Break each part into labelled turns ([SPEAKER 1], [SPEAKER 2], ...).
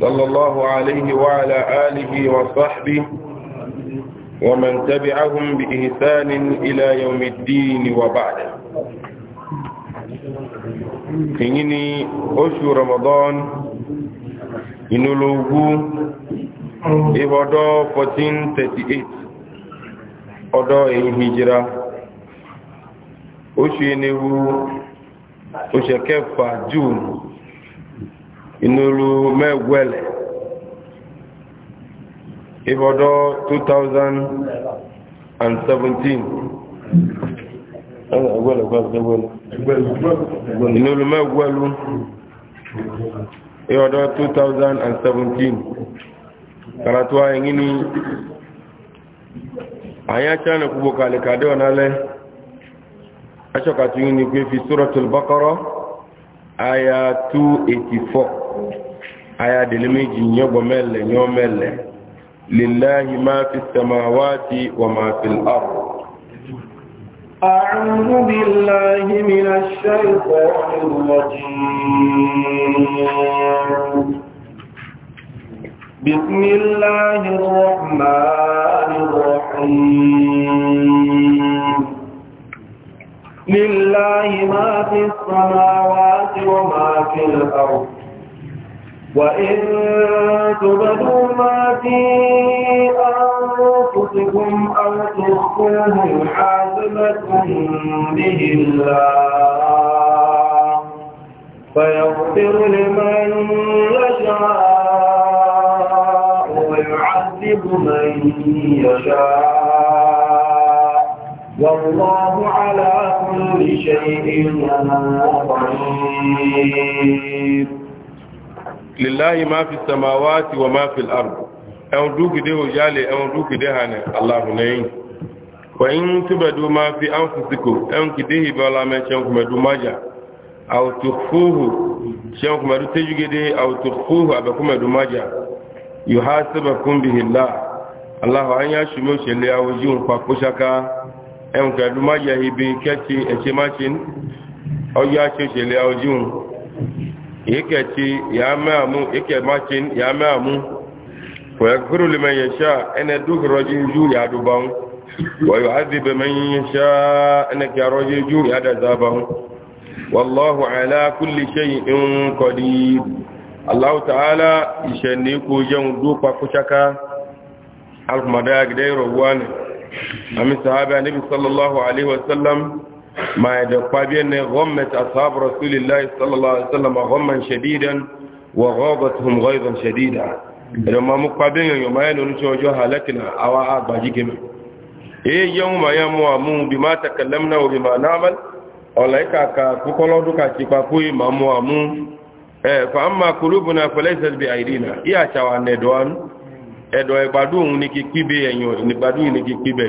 [SPEAKER 1] صلى الله عليه وعلى آله وصحبه ومن تبعهم بإحسان إلى يوم الدين وبعد إنني أشهر رمضان إن لوغو إبادو 1438 أدو الهجرة أشهر نيو أشهر كفا جون inulu mewele ibodo 2017 inulu mewelu ibodo 2017 karatu a yingini anyị achana kwugbo kalikade onale achọkatụ yini kwefi suratul bakọrọ aya 284 aya dele meji nyobo mele nyo mele lillahi ma fi samawati wa ma fil ard
[SPEAKER 2] a'udhu billahi minash shaitanir rajim بسم الله الرحمن الرحيم لله ما في السماوات وما في الأرض وإن تبدوا ما في أنفسكم أو تخفوه يحاسبكم به الله فيغفر لمن يشاء ويعذب من يشاء والله على كل
[SPEAKER 1] شيء قدير lillahi ma fi samawati wa ma fi al-ard ẹ̀wọ̀n dúkìdé ò yálẹ̀ ẹ̀wọ̀n dúkìdé hànẹ̀ aláhùnẹ́yìn wà ń túbẹ̀dú ma fi án fìsíkò ẹ̀wọ̀n kìdé ìbọ́lá mẹ́ṣẹ́ kùmẹ̀dú májà àwòtòfóhù ṣẹ́wọ̀n kùmẹ̀dú tẹ́júgédé àwòtòfóhù àbẹ̀kùmẹ̀dú májà yóò há sẹ́bẹ̀kún bí hìlá aláhùn ányá ṣùgbọ́n ṣẹlẹ̀ àwòjú nǹkan kóṣáká ẹ̀wọ̀n kùmẹ̀dú májà ibi kẹ́ẹ̀ṣẹ̀ ẹ̀ṣẹ̀ máṣe ọjọ́ àṣẹ ṣẹlẹ̀ àwòjú nǹkan yake ya mamu yake macin ya mamu wa yaghfiru liman yasha ana dukhrajin ju ya duban wa yu'adhibu man yasha ana karajin ju ya dazaban wallahu ala kulli shay'in qadir allah ta'ala ishani ku jan dupa kuchaka almadaq dai rawan ami sahaba nabi sallallahu alaihi wasallam ما يدقى بأن غمت أصحاب رسول الله صلى الله عليه وسلم غما شديدا وغاضتهم غيظا شديدا لما مقابين يوم يلون شوجوها لكنا أو أباجيكم إيه يوم يمو بما تكلمنا وبما نعمل ọ̀làíkà ka kúkọ́lọ́dún ka ti papú ìmàmú àmú ẹ̀fà ń máa kúrúbù náà pẹ̀lẹ́sẹ̀ bí àìrìnà ìyà àṣàwà ẹ̀dọ̀ ẹgbàdún ní kí píbẹ̀ ẹ̀yàn ìgbàdún ní kí píbẹ̀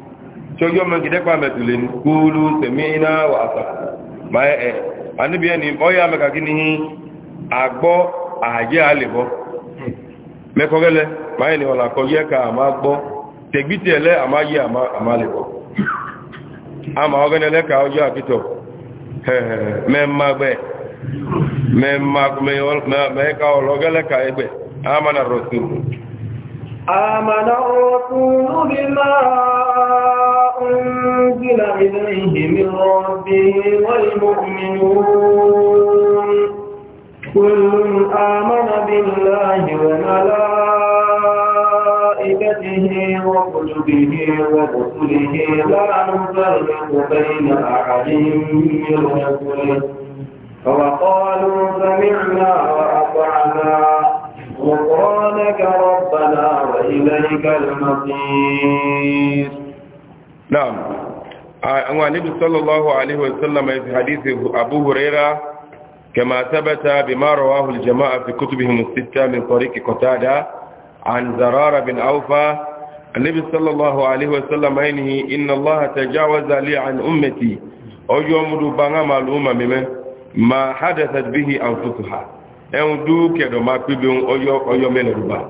[SPEAKER 1] tsojo man gide kwa metulin kulu sami'na wa asaf ma e anibi eni oya me kakini hi agbo aje alebo me kogele ma eni ola koje ka ma gbo tegbiti ama ye ama ama lebo ama ogene le ka ojo ma gbe me ma ka ologele ka egbe
[SPEAKER 2] آمن الرسول بما أنزل إليه من ربه والمؤمنون كل آمن بالله وملائكته وكتبه ورسله لا نفرق بين أحد من رسله وقالوا سمعنا وأطعنا
[SPEAKER 1] نعم عن النبي صلى الله عليه وسلم في حديث أبو هريرة كما ثبت بما رواه الجماعة في كتبهم الستة من طريق قتادة عن زرار بن أوفى النبي صلى الله عليه وسلم عينه إن الله تجاوز لي عن أمتي أجو مدوبانا معلومة مما ما حدثت به أنفسها أن دوك يدو ما كبيرون أجو, أجو من رباه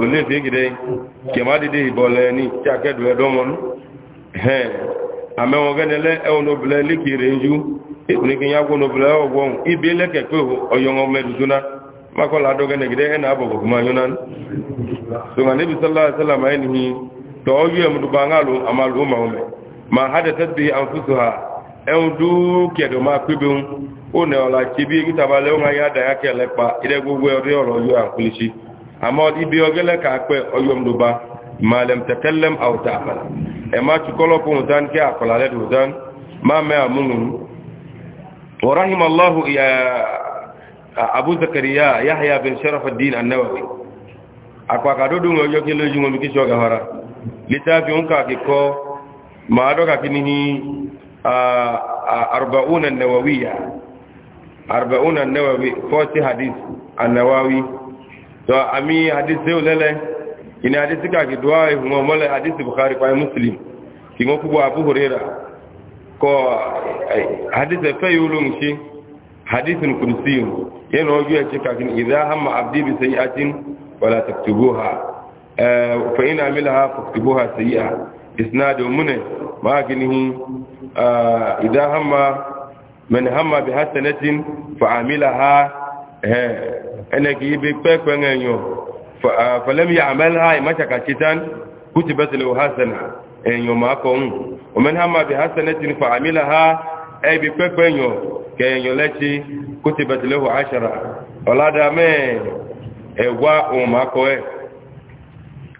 [SPEAKER 1] olefi gide kema dide ibole ni ti akedu edomon he amewo genele eonobile likire nju ikunike ya gwo nobile ogwon ibi leke pe oyongo meduzuna makola do gene gide ena abogo kuma yunan so ga nabi sallallahu alaihi wasallam ayni to oyu emdu bangalu amalu umma ma hadathat bi anfusuha ẹun dúú kẹ̀dọ̀ máa pébé ń ó nẹ ọ̀la tí bí ebi lẹ́wọ́n máa yá dàá kẹ́ ilẹ̀ gbogbo ẹ̀rí ọ̀rọ̀ yóò àǹkúlé sí àmọ́ ibi ọgẹ́lẹ́ kà á pẹ́ ọyọ́ ọmọdóba tẹ̀kẹ́lẹ́m àwòtà àpàlà ẹ̀ máa tún kọ́lọ́ fún kí àpàlà máa mẹ́ arba'una nawawiya arba'una nawawi 40 hadith an-nawawi to ami hadith zeu lele ina hadith ka ki duwa e mo mole hadith bukhari pa muslim ki mo kubo abu huraira ko hadith fa yulun shi hadithun kursiyun yana ojo e ka kin idha hamma abdi bi sayi'atin wala taktubuha fa in amilaha faktubuha sayi'a isnadu mune ma ginihi idan hamma man hamma bi hasanatin fa amilaha ana ki bi pepe ngenyo fa lam ya'malha ma shaka kitan kutibat lahu hasana enyo ma ko un wa man hamma bi hasanatin fa amilaha ay bi pepe nyo ke kutibat lahu ashara wala da ewa o ma ko e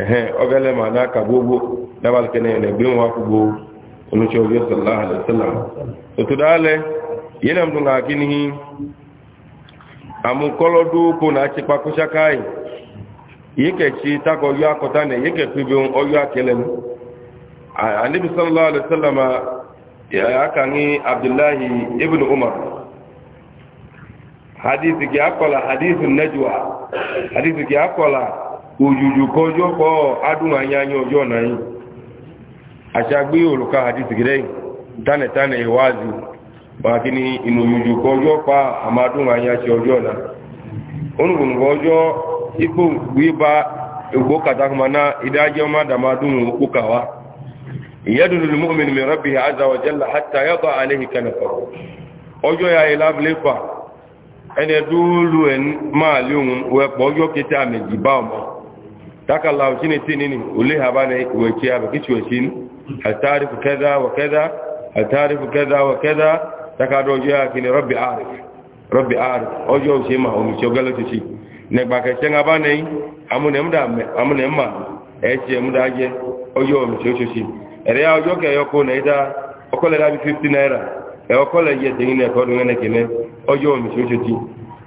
[SPEAKER 1] ehe ogele ma na ka gbogbo dabal kene ne bi wa ku go onu cho yo sallallahu alaihi wasallam to to dale yena mdu nga kinihi amu kolo du ko na chi pa ku shakai yike chi ta ko yo akota ne yike ku bi on oyo akele ni anabi sallallahu alaihi wasallam ya aka ni abdullahi ibn umar Hadithi ki akola hadithi najwa hadithi ki akola òjòjò kọjọ́ kọ́ adùn àyányí ọjọ́ náà yìí àṣàgbé òrùka àti tìgírẹ́ tánẹ̀tánẹ̀ ìwáàzì bá kí ni inú òjòjò pa àmàdùn àyányí ọjọ́ náà onùgbòǹgbò ọjọ́ ipò gbígba ìgbó kàtàkùnmáná ìdájọ́ mádàmádùn òkú kàwá ìyẹ́dùn lùmọ́mìn mìíràn bí i àzàwọ̀jẹ́lá àtàyọ́bà ya ilá abúlépà ẹni ẹdúró lù ẹ̀ máa lé òun wẹ́pọ̀ ọjọ́ kété àmì ìjìbá ọmọ taka Allah shine tinini uliha bane weciya hal tarifu kaza wa kaza hal tarifu kaza taka kini rabbi arif rabbi arif ma o mi chogalo ne chenga bane amune mda amune ma eche mda je ojo mi ya ojo ke na okole da bi 50 naira e okole je ko dunene kine ojo mi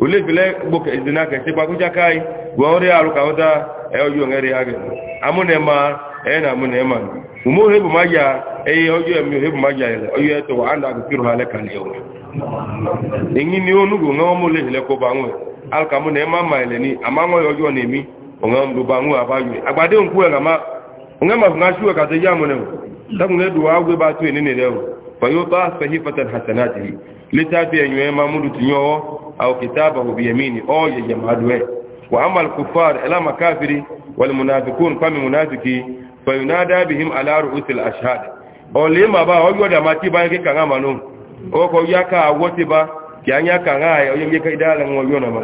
[SPEAKER 1] olefile gboke izina ka chekwa kụcha ọrịa arụ ka ụta ọjọọ ngere ya e gị amụnema e na amụnema ume ohe bụ maja eye ohe bụ maja ele ọjọọ etowa a na-agụkiru ha leka na ewu enyi nwe ọmụ kwụba nwe mụ ma ele ni ama ya na-emi onwe mbụba nwe agbade ma ka teji agwụ ebe atụ أو كتابه بيمينه أو يجمعدوه وأما الكفار إلى مكافر والمنافقون فم منافقي فينادى بهم على رؤوس الأشهاد أوليما با أجود ما تبا يكي كان منو أو كو يكا أوتبا كان يكا غاي أو يكي دالا ويونا ما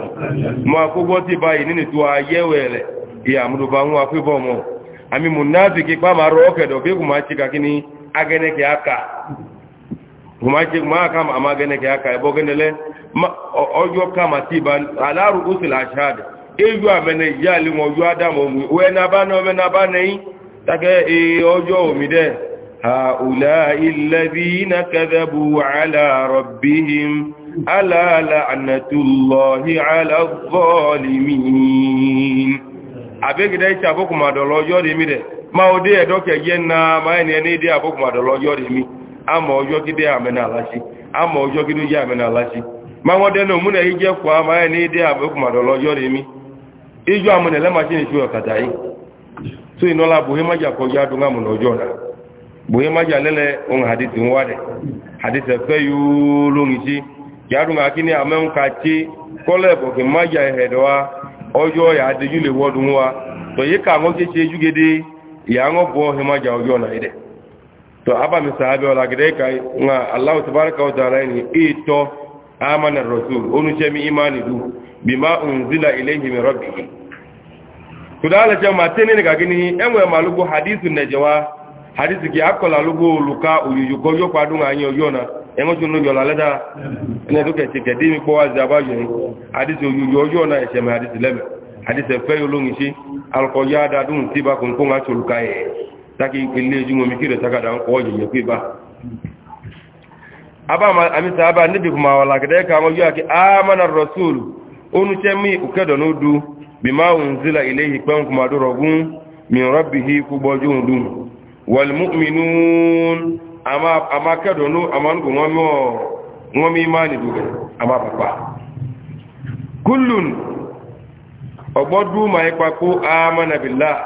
[SPEAKER 1] ما كو أوتبا ينيني توا يويل يا مدوبا هو في بومو أمي منافقي فما روكدو بيكو ما تشيكا كني أغنكي أكا kuma ce ma kama amma gane ka ya ka yabo gane le ọjọ́ kama tí bá aláàrù òsìl àṣáàdì èyí àmẹ́nà ìyá lè wọn ojú ádámọ̀ omi wẹ́nàbá náà mẹ́nàbá nẹ́yìn tàkẹ́ èyí ọjọ́ omi dẹ́ àùlà ilẹ̀bí iná kẹ́dẹ̀bù aláàrọ̀bíhìm aláàlà ànàtúlọ̀hí aláàgọ́ọ̀lìmí àmọ̀ ọjọ́ gídé àmẹ́nà aláṣí ma wọ́n dẹ́nu òmúnà yìí jẹ́ kọ́ àmà ẹ̀ ní ìdí àbẹ́kùnmàdọ̀ lọ́jọ́ rẹ̀ mi ijó àmúnà lẹ́màṣí ní ìṣú ọ̀kàtà yìí tó iná la bòhé májà kọjá dùn àmúnà ọjọ́ náà bòhé lẹ́lẹ̀ ohun àdìsí ń wá dẹ̀ àdìsí ẹ̀fẹ́ yóò lóhun sí yàdùn akíní àmẹ́hùn tí kọ́lẹ̀ bọ̀kì májà ẹ̀hẹ̀dọ̀ wa ọjọ́ yà adéjú ya wọ́dún wa tó yí ká àwọn kéṣe júgede ìyá amana rasul onu ce mi imani du bima unzila ilayhi min rabbih to da ala jama tene ne gagini enwe malugo hadithu najwa hadithu ki akola lugo luka uyuyu ko yo padun anyo yona enwe tunu yo lalada ne do ke ti kedi mi ko wa zaba yo hadithu uyuyu yona hadithu leme hadithu fe yo alko yada dun tiba kun kun a chuluka e taki ile ju mo taka da ko je ye pe aba ma amita aba nibi kuma wala gade ka ma yuaki amana rasul onu chemi ukedo nudu bima unzila ilayhi kwan kuma dorogun min rabbihi kubojun dum wal mu'minun ama ama kedo nu aman ko ngomo ngomi imani duge ama papa kullun obodu ma ipako amana billah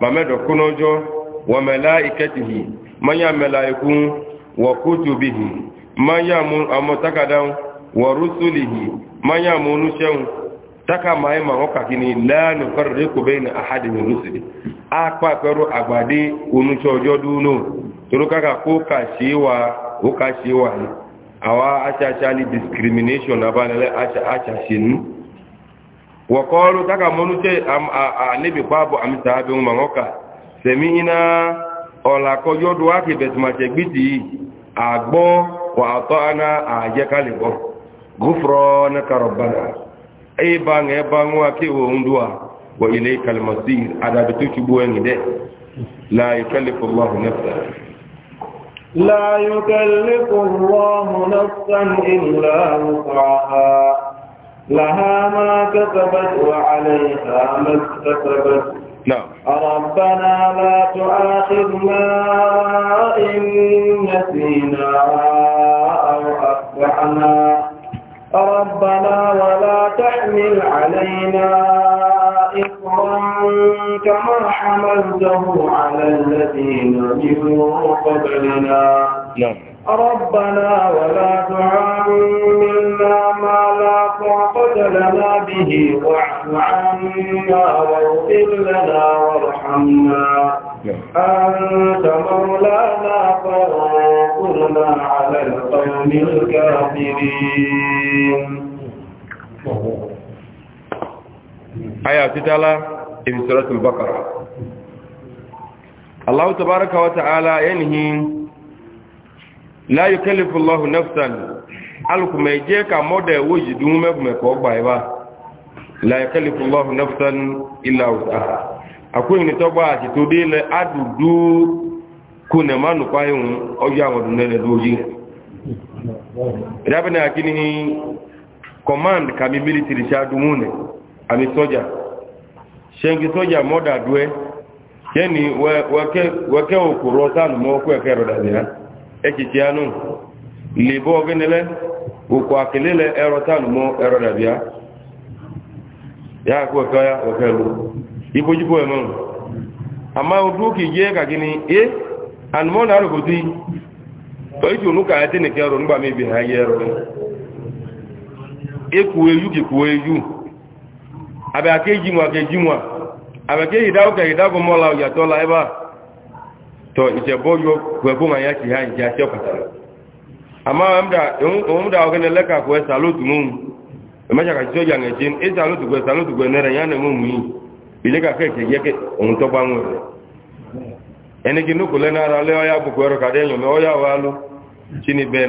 [SPEAKER 1] mamedo kunojo wa malaikatihi manya malaikun wa kutubihi manyamu amo takadan wa rusulihi manyamu taka mai ma hoka kini la nufarriqu baina ahadin min rusuli apa pero agbade onuso ojo duno toro kaka ko ka sewa o ka sewa ni awa acha ni discrimination abana le acha acha sinu wa taka monute am a, a nabi babu ma hoka semina ola ko yodu ake betma chegbiti agbo wa ata'na ajakali bo gufrana ka rabbana ay bang e bang wa ki wo ndua wa ilaykal masir ada bitu kibu ngide la yukallifu allah nafsan la
[SPEAKER 2] yukallifu allah nafsan illa wus'aha laha ma kasabat wa 'alayha ma kasabat نعم ربنا لا تؤاخذنا إن نسينا أو أفضحنا ربنا ولا تحمل علينا إصرا كما حملته على الذين من قبلنا نعم ربنا ولا تعاملنا ما لا طاقة لنا به واعف عنا واغفر لنا وارحمنا أنت مولانا فانصرنا
[SPEAKER 1] على القوم
[SPEAKER 2] الكافرين
[SPEAKER 1] آية تتالى في سورة البقرة الله تبارك وتعالى ينهي la yukallifu Allahu nafsan alukume je ka mode woji dun mekume ko gba iba la yukallifu Allahu nafsan illa wus'aha akwai ni togba ati to de le adudu kuna manu kwa yun oju awon dun le doji rabina akini command kami military sha dumune ami soja shengi soja moda duwe yani weke weke okuro sanu mo ko ekero da echichi anụ libo ogenele ukwu akilele erotanmo erodabia ya akụ oke ya okelu ibojibo eme ama odu ka ka gịnị e anụmọ na arụgodo oiji onu ka ete neke ọrụ mebi ha e kwuo e abịa ka e abịa ka ebe a tọ ìjẹ̀bọ́ yóò gbẹ̀gbọ́ ma yá kì í ha ìjẹ́ àti ọ̀pàtà lọ. àmá òun dà ọ̀gẹ́ni lẹ́kà kò ẹ sàlóòtù mú ẹ̀mẹ́sàkà tí ó yà ngẹ̀ jẹ́ ẹ sàlóòtù gbẹ sàlóòtù gbẹ nẹ́rẹ̀ yá nẹ̀mú mú yìí ìlẹ́kà kẹ́kẹ́ yẹ kẹ́ òun tọ́ bá wọn rẹ̀. ẹni kí nukú lẹ́nu ara lẹ́ ọ̀yà bùkù ẹ̀rọ kàdé ẹ̀yàn mẹ́ ọ̀yà wa ló tí ni bẹ́ẹ̀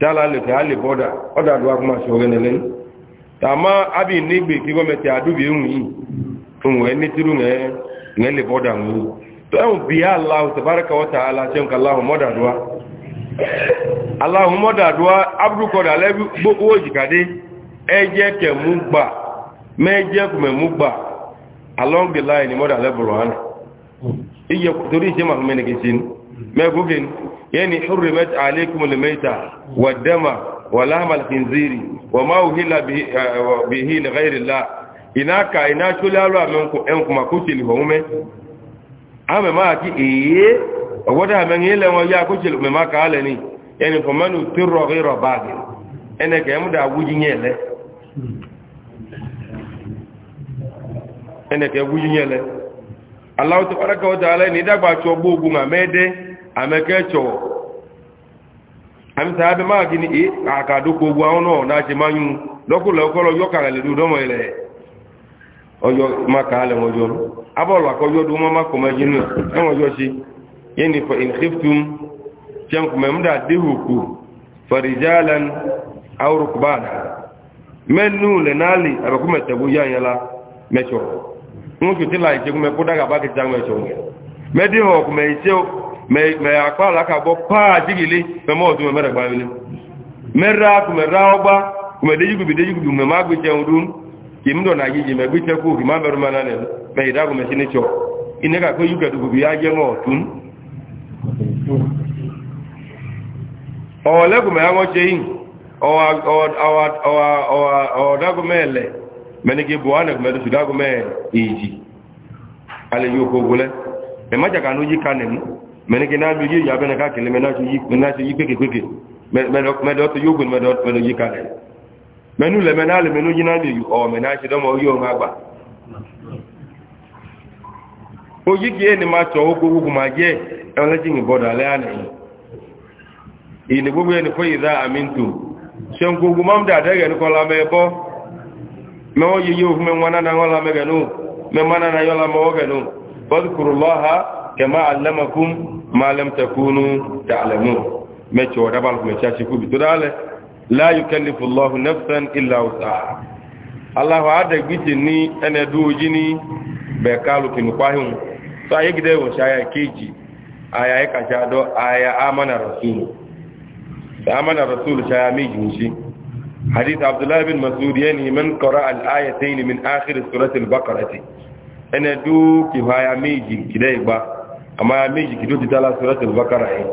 [SPEAKER 1] tala le ka le boda oda do akuma so gene len tama abi ni gbe ki gomete adubi e un yi un we ni tiru le boda mu to en bi da gbogbo e mu gba mu gba along the line iye tori ma ne يعني حرمت عليكم الميتة والدم ولحم الخنزير وما أهل به, به لغير الله إناك إنا شل ألوى منكم أنكم أكوشل هم أما ما أكي إيه وده من يلا ويا أكوشل مما قالني يعني فمن اضطر غير باغ أنا كم دا وجي نيلة أنا كم وجي نيلة الله تبارك وتعالى ندعى بأشوبه بما مده amekechọ amsa eh, abe ma gini e aka doko nọ na achị manyu lọkụlọ yọ ka lele udo mọ ile ọjọ maka alẹ wọn jọ abọlọ akọjọ dùn mọ makọ mẹjì nù si jọ yẹn ni fọ inhiftum jẹnkù farijalan mẹnu mẹtsọ kó mẹtsọ kùmẹ mɛ akpa la ka bɔ paa jigili mɛ mɔ tun mɛ mɛrɛ gba wele mɛ ra kumɛ ra ɔgba ma kì na ma na lɛ mɛ yìí dàgò mɛ sini tsɔ meneke na ju yi ya bene ka kele mena ju yi mena ju yi peke peke me do to yogun me do me do yi ka le menu le mena le menu jina le yu o mena se do mo yo ma gba o yi ki eni ma to ogo gugu ma je e won le jin boda le ani i ni gugu eni ko idha amintu se n gugu mam da dege ni ko la me bo me o yi yo me wana na ngola me kama allamakum ma lam takunu ta'lamun mecho wa dabal kuma cha shi kubi tudale la yukallifu Allahu nafsan illa wus'aha Allahu ada gbiti ni ene duji ni be kalu kin kwahun so ayi gide wo shaya keji aya ya عبد الله بن مسعود يعني من قرأ من آخر سورة البقرة أنا دوك هاي ميجي àmọ́ ya méjì kìdó ti tálá sọ́rọ̀tì bákàrà ẹ̀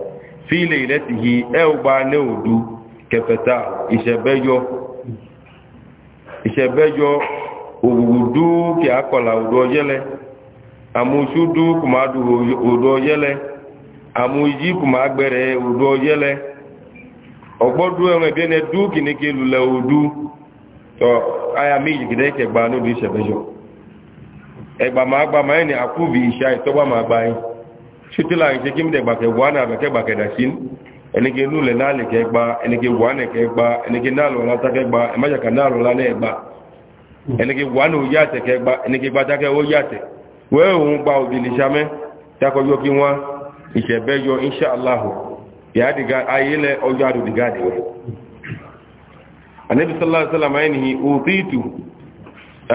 [SPEAKER 1] fi ilẹ̀ ilẹ̀ ti hi ẹ̀ọ̀gbà ní òdu kẹfẹ̀ta ìṣẹ̀bẹ́jọ òwúdú kí a kọ̀là òdu ọyẹ́lẹ̀ àmúṣúdú kùmàdù òdu ọyẹ́lẹ̀ àmúyí kùmàgbẹ̀rẹ̀ òdu ọyẹ́lẹ̀ ọgbọ́dú ẹ̀rọ ẹ̀bẹ́ni dú kìnnìkì lulẹ̀ òdu aya méjì kìdá ìkẹgbà ní òdu ẹni àkúbì ìṣà ìtọ́gbàmà agbáyìn sitila nke kim de gbake wana be ke gbake da sin enike nule na le ke gba enike wana ke gba enike nalo la ta ke gba emaja ka nalo la ne gba enike wana o yate ke gba enike gba ta ke o yate we ohun gba obili same ta ko yo ki won ise be yo insha allah ya diga ayele o ya du diga de we annabi sallallahu alaihi wasallam ayni utitu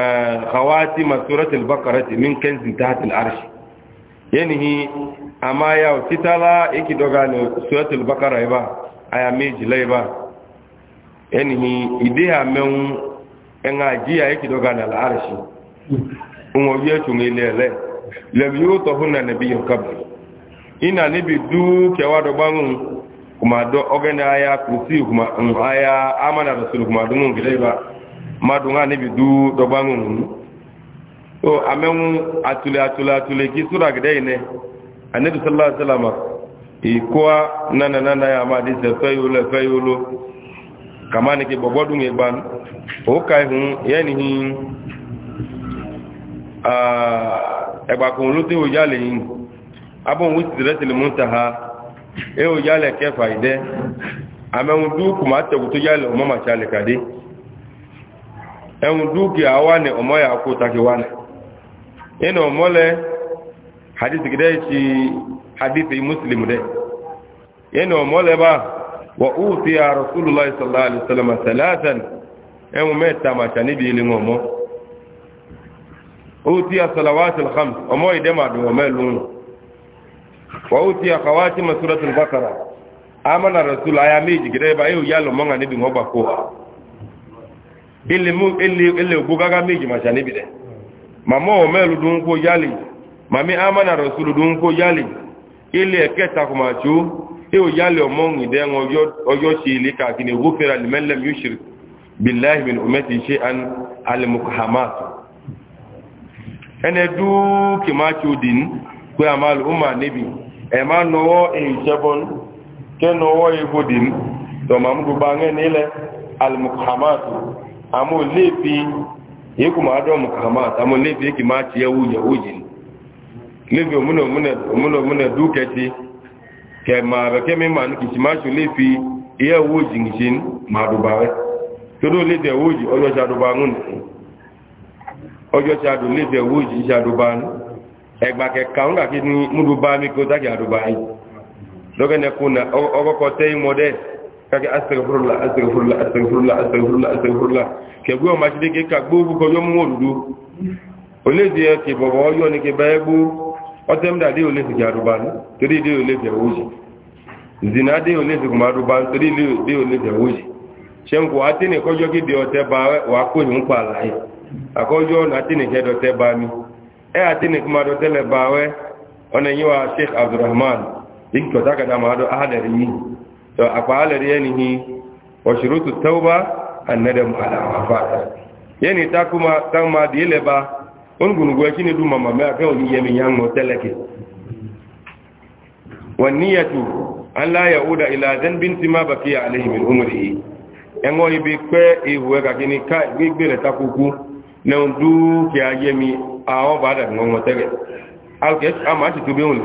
[SPEAKER 1] eh, khawatim suratul baqarah min kanzin tahta al-arsh yanihi amma ya titala yake doga ne suratul bakara ba aya meji lai ba yanihi ideha men en ajiya yake doga ne al'arshi in waje tun ilele lam yuto hunna nabiyyun qabl ina nabi du kewa do bangun kuma do ogana aya kursi kuma aya amana rasul kuma dumun gidai ba madunga nabi du do bangun o amẹ́mú atule atule atule kí súra gẹ́dẹ́ yìí nẹ́ anabi sallallahu alayhi wa sallam ìkóa nana nana yà máa dísẹ̀ fẹ́ yóò lọ fẹ́ yóò lọ kàmá ni kí bọ̀bọ́ dùn yẹn gbanu ó ka ìhun yẹn ni hin ẹgbà kan ló tẹ́ òjá lè yìn abọ́n wí sí rẹ́sìlì mú ta ha ẹ òjá lẹ̀ kẹfà ìdẹ́ amẹ́mú dúkù máa tẹ̀kù tó yálẹ̀ ọmọ màṣá lẹ̀ kàdé ẹ̀hun dúkì àwa ni ọmọ yà kó takì wa ni ina omole hadisi gida ci hadisi muslim de ina omole ba wa uti ya rasulullahi sallallahu alaihi wasallam salatan en meta ma tani bi ile ngomo utiya salawat al khams omo ide ma do melun wa utiya khawatim surat al baqara amana rasul aya meji gida ba yo yalo monga ni bi ngoba ko ile mu ile ile gugaga meji ma tani bi de màmá ọ̀mẹ́lú dún kó yálì màmí amánà rọ̀sùlù dún kó yálì ilé ẹ̀kẹta kò máa tó èò yálì ọmọ ìdẹ́ ọjọ́ ṣe ilé káàkiri ògófẹ́ra lìmẹ́lẹ̀m yóò ṣe bíláì min ọmẹ́tì ṣe an alimukahamatu ẹni dúkì máa tó dín pé àmàlù ọmọ níbi ẹ̀ máa nọwọ́ ìṣẹ́bọn kẹ́nọwọ́ egbò dín tọ̀màmúdùbá ń yi kuma ado mu kama tamo lebi ki ma ti yawu ya uji lebi omuno mune omuno mune duketi ke ma be ke mi man ki ma ju lebi ye ma du to do lebi uji ojo cha du bangun ojo cha du lebi uji cha du egba ke ka nga ki ni ba mi ko ta ki te kage astagfirullah astagfirullah astagfirullah astagfirullah astagfirullah ke gbo ma ti de ka gbo bu ko yo mu odudu o le di ke ni ke ba gbo o tem da de o le fi jaruba ni tori de o le fi wuji zina de o le fi kuma ruba tori de o le fi wuji shem ko atini ko yo ki de o te ba wa ko ni npa lai akojo na atini ke do mi e atini kuma do te le ba we ona yiwa sheikh abdurrahman ikko taka da ma do a akpaalar yanihi wa shurutu tauba annadam ala wafat yani ta kuma kan ma di ba un gunugo shine duma mamma me aka oni yemi yango teleke wa niyatu an la yauda ila dhanbin ma baqiya alayhi min umrihi yango ibi pe iwe ka kini ka gbegbere ta kuku na ndu ki ayemi awon bada ngongo tege alke tubi on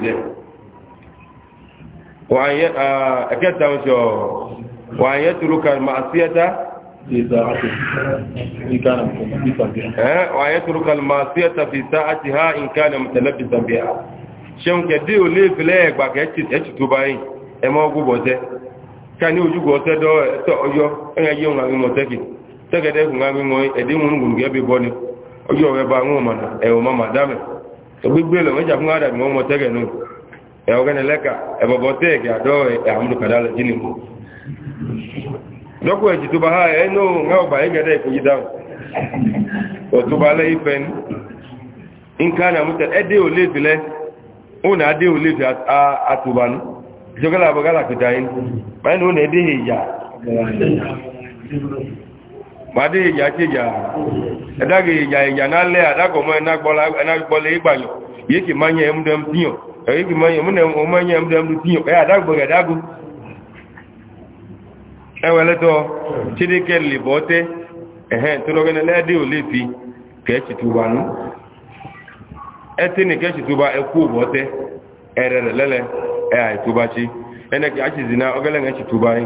[SPEAKER 1] ẹ̀kẹta uh, eh? ọjọ́ wà yẹ́ turuka ma'asíyata wà yẹ́ a ma'asíyata fi sáàtì ha nǹkan na mọ̀tẹ̀lẹ́bì zambia ṣe ń kẹ̀dẹ́ ò lè fi lẹ́ẹ̀gbà kẹ́ẹ̀tì tó báyìí ẹmọ́ ogún bọ̀tẹ́ ká ní ojúgbò ọ̀tẹ́ dọ́ ọjọ́ ẹ̀yẹ yẹ́ tẹ́kì ni ẹ̀ọ̀gẹ́ni lẹ́ka ẹ̀bọ̀bọ̀ tẹ́ẹ̀kì àdọ́ àmúlùkàdálẹ̀ jílì mú lọ́kọ̀ ẹ̀jì tó bá ha ẹ̀ẹ́nù ọgbà ẹ̀gẹ́dẹ́ ìkòyí dáhùn ọ̀tọ́bà ìyà màdé ìyà ṣe ìyà ìyà ìyà nálẹ́ àdákọ̀mọ́ ẹ̀ná ìgbàyàn yìí kì máa yẹ ẹ̀mú ẹ̀rí bí mọ́yẹ̀ múnẹ̀ ọmọ ẹ̀yẹ ẹ̀mdẹ̀ ẹ̀mdẹ̀ tí yàn ẹ̀yà dágbò rẹ̀ dágbò ẹwẹ̀ lẹ́tọ́ ṣídékẹ́ lè bọ́ tẹ́ ẹ̀hẹ́n tó lọ́gẹ́ lẹ́dẹ́ ò lè fi kẹ́ẹ̀ṣì tó bá nú ẹtí ni kẹ́ẹ̀ṣì tó bá ẹkú bọ́ tẹ́ ẹ̀rẹ̀ rẹ̀ lẹ́lẹ̀ ẹ̀yà tó bá ṣe ẹnẹ́kẹ́ àṣìṣìná ọgẹ́lẹ́gẹ́ṣì tó bá rí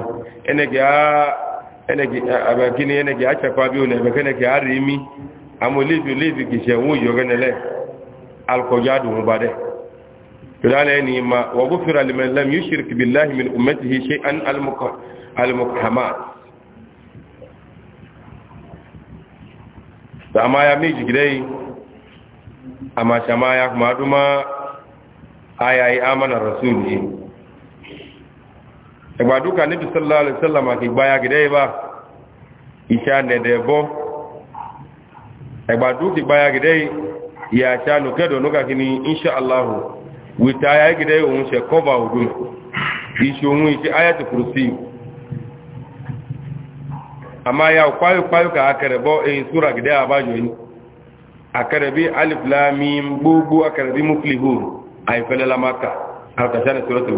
[SPEAKER 1] ẹnẹ́kẹ́ àṣàpá bí ó nẹ̀ẹ̀kẹ́ ẹnẹ́kẹ́ àrí mi àmọ́ lè fi lè fi kìṣẹ̀ wọ́n yọ̀gẹ́nẹ́lẹ̀ alkọjá dùn ún bá dẹ́ tulale ni ma wa ghufira liman lam yushrik billahi min ummatihi shay'an al-muqhamat sama ya mi jigidai amma sama ya kuma duma ayayi amana rasuli ẹgbà duka níbi sallallahu alaihi wasallam àti gbáyà gidai ba iṣẹ́ nẹ̀dẹ̀bọ́ ẹgbà duki gbáyà gidai ya ṣánu kẹ́dọ̀ nukakini inṣa'allahu wita ya gida yawon shi koba hudu ishi ohun ishi ayata kursi amma ya kwayo kwayo ka akarabo eyi sura gida ya ba joyi akarabi alif lamim gbogbo akarabi muflihun a ifele lamaka alkasha na suratul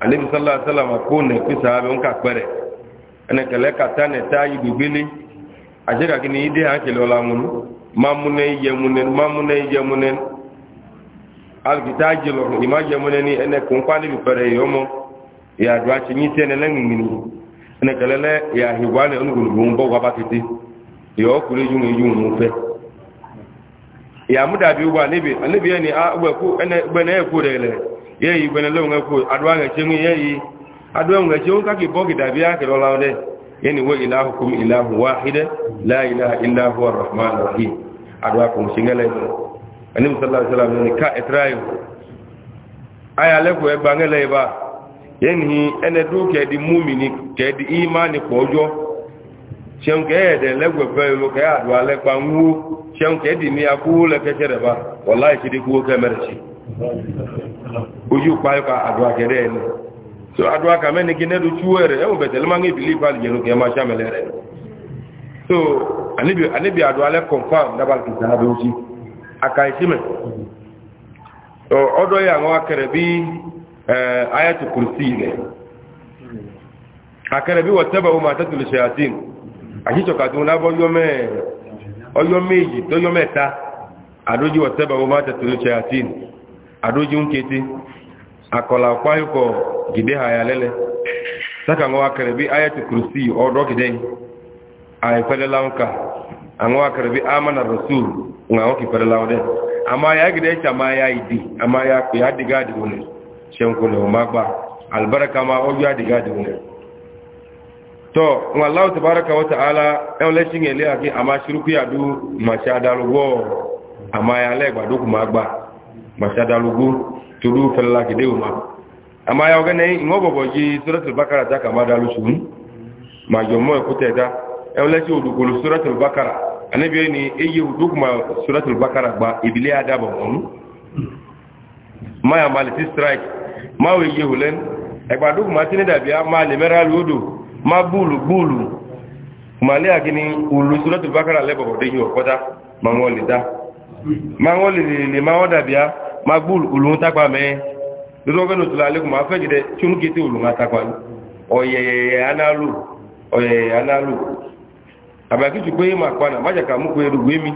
[SPEAKER 1] alebi sallallahu alaihi wasallam ko ne ku sahabe on ka pere ene kele kata ne ta yi bibili ajira kini ide ha kele ola mun mamune ye munen mamune ye munen al kitaji lo ima ye munen ni ene kun kwa ni pere yomo ya dwa chi ni tene le ngini ene kele le ya hiwale onu gulu mbo kwa bakiti yo kule jumu jumu mu fe ya mudabi ugba nibi anibi ene a gbe ku ene gbe na e ku de le yeyi gbene lo nge ko adwa nge chengu yeyi adwa nge chengu ka ki bogi dabi ya ke lo lawo de yani wa ilahukum ilahu wahida la ilaha illa huwa arrahmanur rahim adwa ko singale no ani sallallahu alaihi wasallam ni ṣeun kẹ́ ẹ̀dẹ̀ lẹ́gbẹ̀fẹ́ ìlú kẹ́ àdó alẹ́pa ń wó ṣeun kẹ́ dì ní akúwó lẹ́kẹ́kẹ́ rẹ̀ bá wọ́lá ìṣẹ́dé kúwó kẹ́mẹ́rẹ̀ ṣe ojú páyọ́ka àdó akẹ́dẹ́ ẹni tó àdó akàmẹ́ni kí nẹ́dù chúwọ́ rẹ̀ ẹ̀wọ̀n bẹ̀tẹ̀ ló so àníbi àdó alẹ́ confam dábàkì sáadó sí aka ìṣímẹ̀ ọdọ́ yà tẹ́bà wọn máa tẹ́tù lè ṣe àtìmù àṣìṣọ́ka tó ń lábọ́ ọyọ́ méjì tọ́yọ́ mẹ́ta àdójú ọ̀tẹ́bà wọ́n bá tẹ̀tù ló ṣe àti àdójú ń kété àkọlà páyọkọ̀ gìdé àyà lẹ́lẹ́ sákàwọn akẹrẹ̀ bí ayẹ́tù kùrùsí ọdọ́ gìdẹ́ àìfẹ́lẹ́ láńkà àwọn akẹrẹ̀ bí amánà rasul àwọn kìfẹ́lẹ́ láwọ́dẹ́ àmà ayá gìdẹ́ ṣe àmà ayá ìdí àmà ayá pè á dìgá àdìgún ṣẹ́ńkùn to wallahu tabaraka wa ta'ala e le singe le aki ama shiruku ya du masha dalugo ama ya le gba du kuma gba masha dalugo to suratul bakara ta kama dalu shun ma jomo suratul bakara anabi ni eye du suratul bakara gba ibile adabo on ma ya malti strike ma we ye hulen e gba du kuma tini da bi ama ma búùlù búùlù màálé àgíní òlù sọ́lọ́tù bákàrà lẹ́bọ̀bọ̀ dé yíò ọ̀pọ́ta ma wọ́n lè dá ma wọ́n lè lè ma wọ́n dàbíá ma búùlù òlù ń tápa mẹ́ lọ́dọ́gbẹ́nu tó lálẹ́kùn ma fẹ́ jìdẹ tí ó ń kété òlù ń tápa ní ọ̀yẹ̀yẹ̀ análù ọ̀yẹ̀yẹ̀ análù àbàkìtù pé ma kwana májàkà mú pé rúgbé mi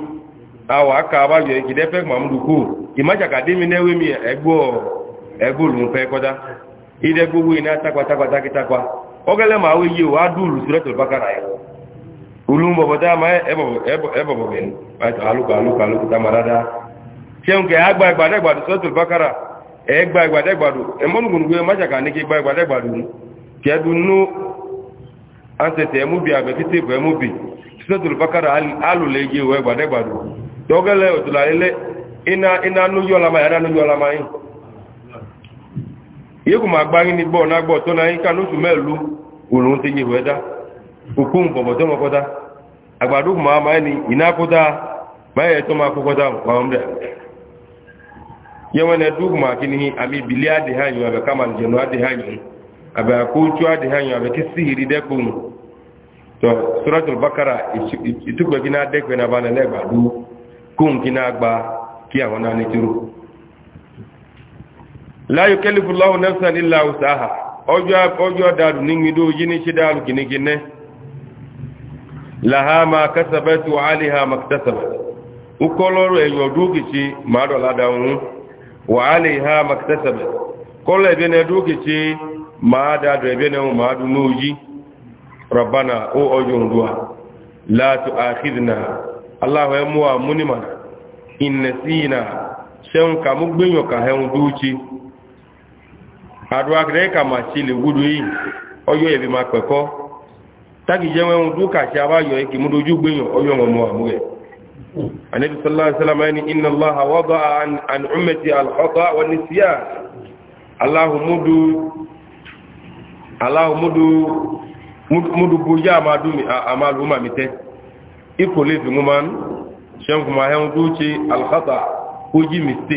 [SPEAKER 1] àwọ̀ aka abájọ ìkìdẹ́ fẹ́ màmúdù kú ìmájàkà dé mi nẹ́wé mi ẹgbọ́ ẹgbọ́ òlù ń kwa kọ́dá ìdẹ́gbówó iná tápa tápa tákítápa ogele ma awe yi o adulu suratul bakara yi ulum bobo da ma ebo ebo bobo ni ma to aluka aluka aluka ta marada seun ke agba agba de gbadu suratul bakara e gba agba de gbadu e, ma jaka ni ke gba agba de gbadu ke dunu ante te mu bi abe tete bo e mu bi suratul bakara alu le je ina ina nu yola ma ina nu yola ma yi yeku ma gba ni bo melu òun tó yé wẹ́dá òkú bọ̀bọ̀ tó mọ́kọ́dá àgbàdo máa máa ní ìnákọ́dá báyẹ̀ tó máa kọ́kọ́dá wọ́n rẹ̀ yẹ́wọ́n ẹ̀dùn máa kí ní àmì ìbílẹ̀ àdìhàyàn àbẹ̀ kamal jẹ̀nu àdìhàyàn àbẹ̀ àkójú àdìhàyàn àbẹ̀ kí sí ìrí dẹ́kùn tó sọ́rọ́tò bákàrà ìtúgbẹ̀ ọjọ́ ọjọ́ dàrù ní ìdó yí ní ṣe dàrù gìnigìnẹ́ láhá máa kásàbẹ́ tó àlìhá makitásàbẹ́ ukọ́ lọ́rọ̀ ẹ̀yọ̀ dókìṣe máa dọ̀ládà ohun wà àlìhá makitásàbẹ́ kọ́lọ̀ ẹ̀bẹ́nẹ dókìṣe máa dàdù ẹ̀bẹ́nẹ ohun máa dùn ní òyí rọ̀bánà ó ọjọ́ òǹdùwà látò ẹ̀hùn dókìṣe àdúrà kìrẹ́ kà máa ti lè gúdú yìí ọyọ́ ma máa pẹ̀kọ́ táàkì jẹ́wọ́ ẹ̀hún tó kà sí ẹ̀kì mú dojú gbẹ̀yàn ọyọ́ ọmọ àmúrẹ̀ anabi sallallahu alaihi inna allah wada an an ummati al khata wa ma dumi amal umma mite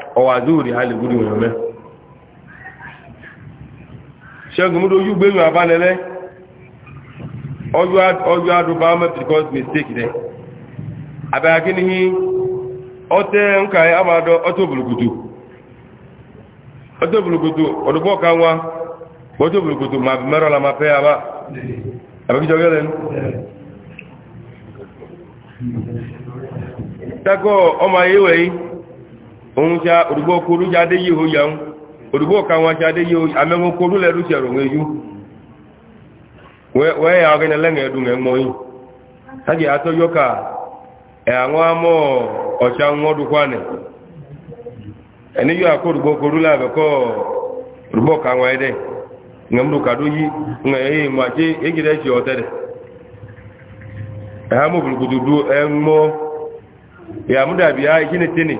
[SPEAKER 1] ọwà zúúrì ha lè gúrù ìrìn mẹ́ ṣẹ́gun múdó yú gbéyàn abánilẹ́ ọjọ́ adúbá mẹ́ because mistake rẹ̀ abẹ́akí ní ọtẹ́ ń ka ẹ amadọ ọtọ́ ma ọmọ ayéwẹ̀ yìí onwụcha orugbo okworu ji adịghị ihu ya orugbo ka nwa ji adịghị ihu amenwe okworu leruchara onwe ju wee ya ọgị na na edu na enwe ha ji atọjọ amọ́ ọ̀ṣà wọn dùkwánì ẹni yóò àkó orugbo okworu lábẹ́kọ́ orugbo ka nwa mọ́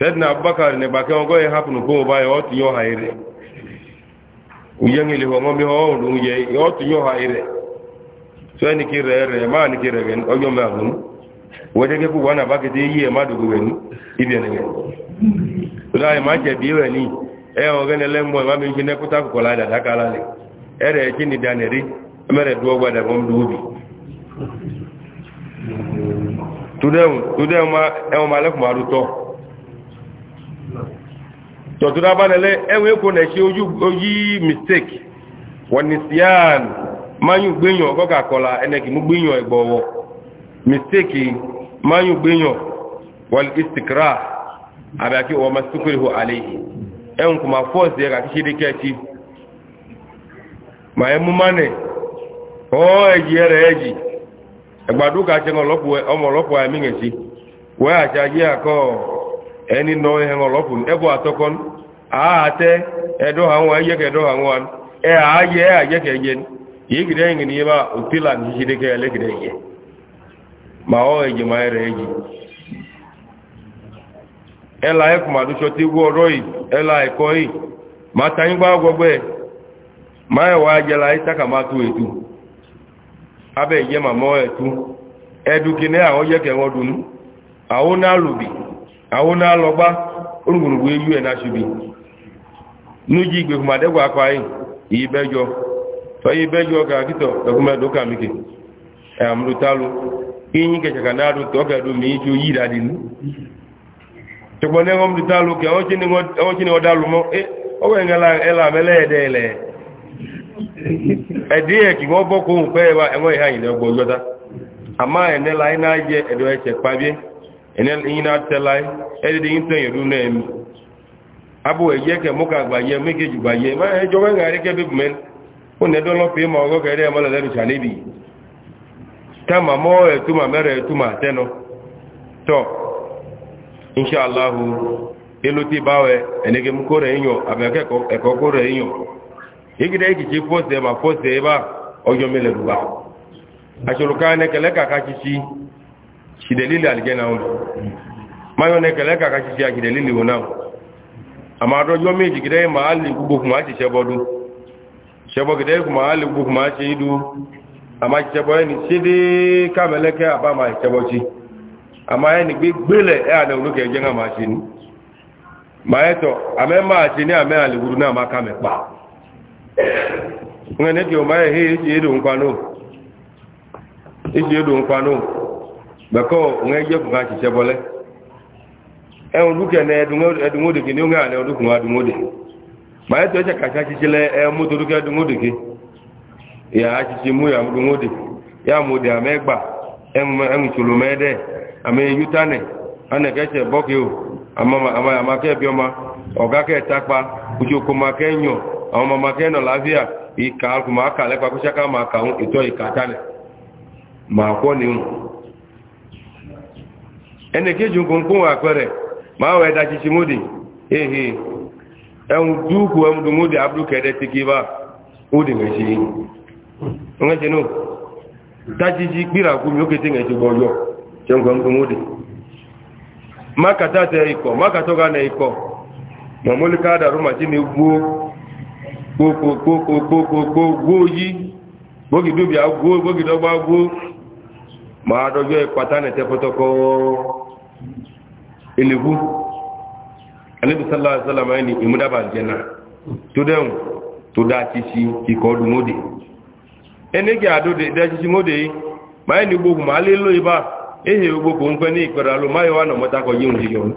[SPEAKER 1] sẹ́dínà abubakar ní gbàkẹ́ ọgọ́ yẹn hapun kó o yọ ọtún yọ ha rẹ̀ òye ń ọmọ mi ọ̀hún ló ń ọtún yọ ha rẹ̀ sọ ẹni kí rẹ̀ rẹ̀ máa ní kí rẹ̀ rẹ̀ ọjọ́ mi àhún wọ́n jẹ́ wọn àbá kété yí ẹ̀ má dògbò rẹ̀ ní ibi ẹ̀nì rẹ̀ tọ̀tún náà bá nílẹ̀ ẹwẹ́ kò nẹ̀ ṣe ojí mistake wọ́n ni sian mayun gbẹ̀yàn ọgọ́gà kọla ẹnẹ́kì mú gbẹ̀yàn ẹgbọ̀wọ̀ mistake mayun gbẹ̀yàn wọ́n istikra àbíakí wọ́n ma sukuri hù àlẹ́yìn ẹ̀hùn kò máa fọ́ọ̀sì ẹ̀ka kíṣe dé kẹ́ẹ̀tì mà ẹ mú mánẹ̀ ọ́ ẹ̀jì ẹ̀rẹ̀ ẹ̀jì ẹ̀gbàdúkà ṣe ọmọ ọlọ́pù ẹni nọ ẹ̀hẹ̀n ọlọ́pùn ẹgbọ́ àtọ́kọ́n àátẹ́ ẹ̀dọ́ àwọn ayẹ́kẹ̀ ààyẹ àyẹ́kẹ̀ yìí kìdẹ́ ẹ̀yìn ni yẹba òtílà ní ṣíṣídẹ́kẹ́ ẹlẹ́kìdẹ́ ẹ̀yẹ ma ọ́ ẹ̀yẹ ma rẹ̀ e e ma ma e ma àwọn náà lọ gbá orúkùnrùkù ewu ẹ̀ náà ṣubi nújì ìgbèkùn àdẹ́gbà akọ ayé ìyí bẹ́jọ sọ yí bẹ́jọ kàkítọ̀ ẹkùnmẹ́ dókà mìkè ẹ̀yàmúlò tálù kíyìn kẹ̀kẹ̀kà náà dùn tọ́kẹ̀dùn tó yí ní ní tí ni wọ́n dálù mọ́ ọwọ́ ẹ̀ enyi na-atela edede ite nyere na emi abụọ eji eke mụ ka gbaye meke ji gbaye ma eji onwe ghara ike bebụ men ụna edolọpụ ma ọgọ ga-ere ya mana lerucha n'ibi kama mụọ etuma mere etuma tenụ tọ inshallahu elute bawe enege m kore inyo abeke eko kore inyo igide ma ebe a ọjọ ka ka kìdẹ̀lìlì àlìjẹ́nà ọmọ mayọ́ nẹ́kẹ̀lẹ́ kàkà ṣiṣẹ́ kìdẹ̀lìlì wọn náà àmà àdọ́jọ́ méjì kìdẹ́ máa lè gbogbo kùmà ṣe ṣẹbọdú ṣẹbọ kìdẹ́ kùmà lè gbogbo kùmà ṣe ìdú àmà ṣiṣẹbọ ẹni ṣe dé kàmẹ́lẹ́kẹ́ àbámà ṣẹbọ ṣi àmà ẹni gbé gbélẹ̀ ẹ àdẹ olókè jẹ́ náà máa ṣe ní máa ẹ̀tọ́ àmẹ́ máa ṣe ní àmẹ́ àlèwúrú náà máa kàmẹ́ pa ń bẹ̀kọ́ òun ẹjẹ́ kùn ká ṣiṣẹ́ bọ́lẹ́ ẹ̀hùn dúkẹ́ ní ẹdùnmódìkì ní òun ẹdùnkùn adùnmódì ma ẹ́ tó ẹ̀ṣẹ̀ kàṣà ṣiṣẹ́ lẹ ẹmú tó dúkẹ́ ẹdùnmódìkì ṣiṣẹ́ mú ìyàmúdùnmódì yàmúdì àmẹ́gbà ẹ̀hùn ṣòlò mẹ́ẹ́dẹ́ ma máa kà ń ìtọ́ ìkà tánẹ̀ kọ́ nìyàn ene ke jungu nkunwe akwere ma wee dachichi mudi ehe ẹun dúkù ẹun dùn mudi abdulkede ti kí bá udi ngechi ngechi ṣe tẹ ikọ ikọ mọmọlika ma adọjọ na elewu anabi sallallahu alaihi wasallam ayi ni imudaba aljanna to den to da mode ado de mode ma ni ma le lo iba ehe gbogun npe ni ipera lo ma na mo ta ko yiun ji yo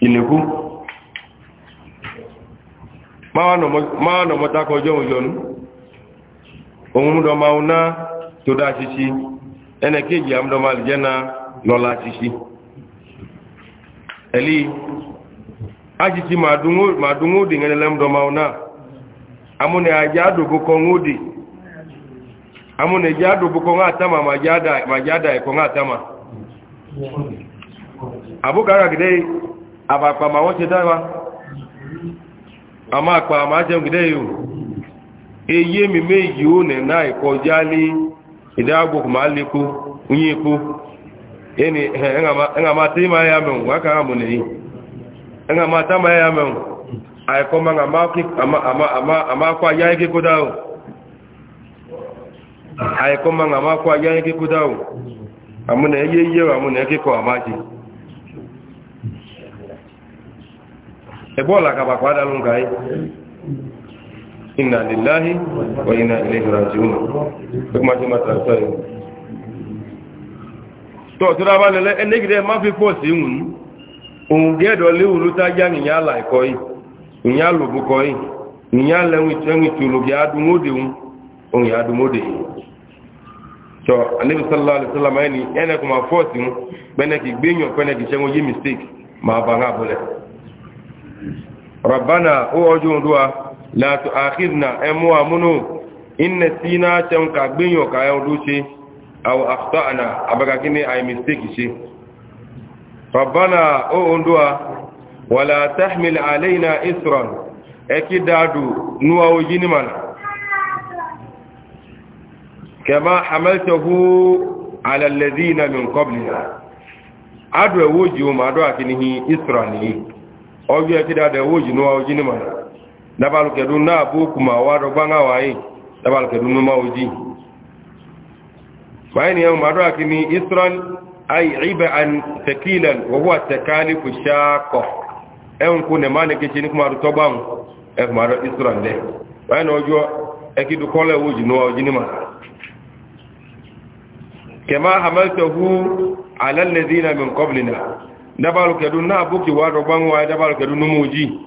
[SPEAKER 1] ilewu ma wa ma wa na mo ta ko jo yo nu ohun do to lọ́la ṣíṣí ẹ̀lí aṣíṣí màdúnwòdì ní ẹlẹ́mdọ́mà ọ̀nà amúnẹ̀ àjá àdòbókọ ńwòdì amúnẹ̀ jẹ́ àdòbókọ ńàtàmà màjádà ẹ̀kọ́ ńàtàmà àbúkàrà gidẹ́ àbàpà màwọ́n ṣe dára àmà àpà àmà jẹun gidẹ́ yìí eyé mi méjì ó nẹ̀ náà ìkọjá ní ìdáàbòkù máa lékó oyin epo yani enga mata ima ya men waka amu ne yi enga mata ma ya men ai kuma nga ma ki ama ama ama ama kwa ya ki kudao ai kuma nga ya ebola ka inna lillahi wa inna ilaihi raji'un tọ́ọ̀tọ́ra bá lẹ́lẹ́ ẹnẹ́gidẹ́ má fi pọ̀ sí ìwùn òun gẹ́ẹ̀dọ̀ léwùlú tájá nìyà àlàìkọ́ yìí nìyà lòbùkọ́ yìí nìyà lẹ́wìn ìtòlògì adúmódé òun yà adúmódé tọ́ anábì sallá alẹ́sallá máa ní ẹnẹ́kù máa fọ́ sí wọn pẹ́nẹ́kì gbéyàn pẹ́nẹ́kì ṣẹ́wọ́n yé mistake máa bá náà bọ́lẹ̀ rabbana ó ọjọ́ òdúwa látò àkírnà ẹmú àmúnú ìnnẹ̀ sí kà gbéyàn kà aw akhtana abaka kini ay mistake shi rabbana o ondua wala tahmil alaina isran ekidadu nuwa ojini mana kama hamaltahu ala alladhina min qablina adu ewoji o madu akini hi isran yi oju ekidadu ewoji nuwa ojini mana dabalu kedun na abu kuma wa do gbanga wa yi dabalu bayani yawon maduwa kini israel ay iba an takilan wa huwa takalifu shaqo en ku ne mane ke chini kuma to ban e ma do israel de bayani ojo e ki du kole wuji no oji ni ma kama hamaltahu ala alladhina min qablina dabalu kedu na buki wa do ban wa dabalu kedu numuji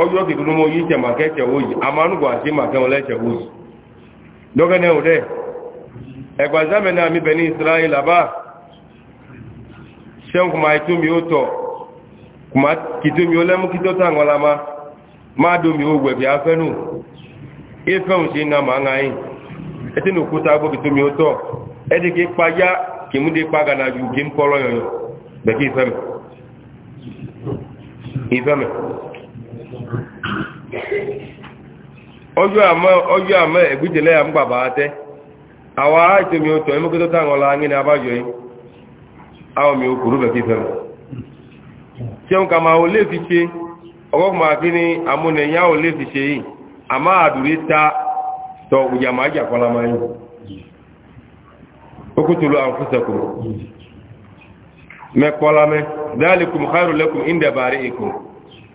[SPEAKER 1] ọjọ́ kìkìlú mọ́ yìí tẹ̀mà kẹ́kẹ̀ òyì a máa ń gbà sí màkẹ́wọn lẹ́kẹ̀ òyì lọ́gẹ́nẹ́ òdẹ́ ẹgbàzámẹ́nà mi bẹ̀ní israel àbá ṣẹ́un kùmà ìtúmi ó tọ̀ kùmà kìtúmi ó lẹ́mú kítọ́ táwọn lama máa kìmúdé ń kọ́ lọ́yọ̀yọ̀ bẹ̀kí ìfẹ́mẹ̀ ọjọ́ àmọ́ ọjọ́ àmọ́ ẹ̀gbújẹ́ lẹ́yà ń gbàbà tẹ́ àwọn àìtòmí òtọ̀ ẹmọ́kítọ́ táwọn ọlá ní abájọ yìí àwọn mi òkúrú bẹ̀ fífẹ́ mọ́ ṣeun kà máa ò lè fi ṣe amúnẹ̀yà ò lè fi ṣe yìí àmá àdúrí ta tọ ìyàmájà kọlamá yìí ó kú àwọn fúnṣẹ̀kù mẹ́kọ́lámẹ́ dáàlì kùmù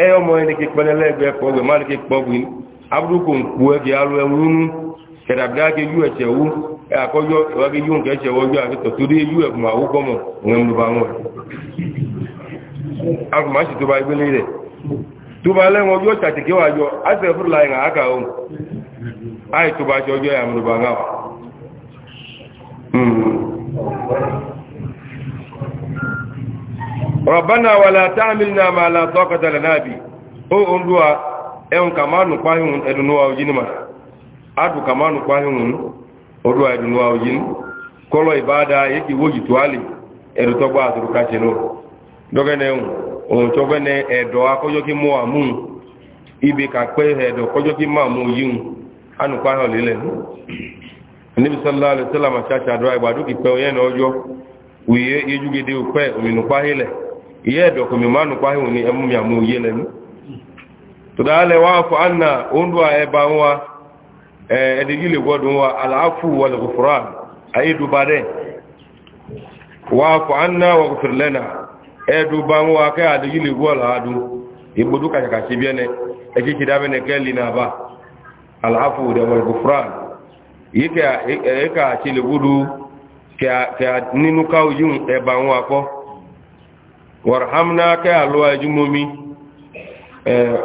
[SPEAKER 1] e ọmọ ẹni kí pẹ́lẹ́ lẹ́gbẹ̀ẹ́ pọ̀ gbẹ̀ máa ní kí pọ̀ gbìn abúrúkọ nkú ẹgbẹ̀ alú ẹwúrú kẹ̀dàbídáke yú ẹ̀ṣẹ̀ wú àkọ́jọ́ ìwájú yú nǹkan ẹ̀ṣẹ̀ wọ́jú àfitọ̀ torí yú ẹ̀kùn rabbana wala ta'amilna ma la taqata lana bi o onduwa en kamanu ma adu kamanu kwahun oduwa edunuwa ojini kolo ibada woji tuali erutogba aturuka cheno dogene un ohun togene edo akojo ki mu amu ibi ka pe edo kojo ki ma mu yiun anu kwahun lele nabi sallallahu alaihi upe iye ẹ̀dọ̀kọ̀ mi máa nùpá hìwọ̀n ní ẹmú mi àmú iye lẹ́nu tòdálẹ̀ wá fọ́ ánà oúnjẹ ẹba wa ẹ̀ẹ́dẹ̀gílẹ̀ gbọ́dún wa aláàfù wà lọ́gbọ̀fọ́rọ̀ ayédùbá rẹ̀ wá fọ́ ánà wọ́gbọ̀fẹ̀rẹ̀lẹ́nà ẹ̀ẹ́dùbá wa kẹ́ àdẹ̀gílẹ̀ gbọ́ọ̀láàdù ìgbòdú kàkàkàṣí bẹ́ẹ̀ ẹ̀kíkì dábẹ́nẹ̀ kẹ́lì náà bá aláàfù wà lọ́gbọ̀fọ́rọ̀ yìí kẹ́ àṣìlẹ̀ ẹ̀bà wọn akọ́ warhamna kai alwa jumomi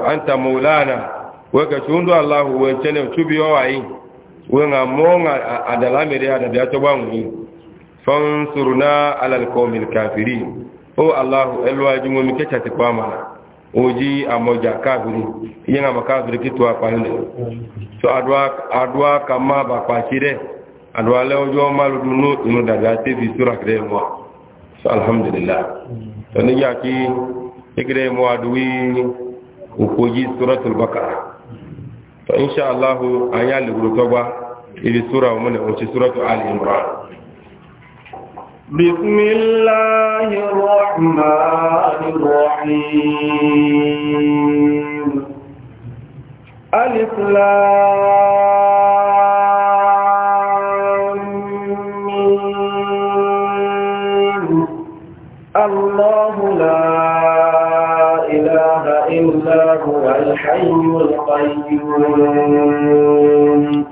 [SPEAKER 1] anta maulana waka tundu allah wance ne tubi yawayi wanga monga adala mere ada biya to banwi fansurna ala alqawmil kafirin o allah alwa jumomi ke tati kwama oji amoja kafiri yenga makafiri kitwa pande so adwa adwa kama ba kwachire adwa leo jo maludunu inu daga tevi sura kremo so alhamdulillah oníjà kí ikire mu aduwi òkòjì suratul bakara to insha allahu an yà lè gbogbo tọgbà ibi sura wọn mọlẹ òun ti suratul ali imran. بسم الله
[SPEAKER 2] الرحمن الرحيم ألف الله لا إله إلا هو الحي القيوم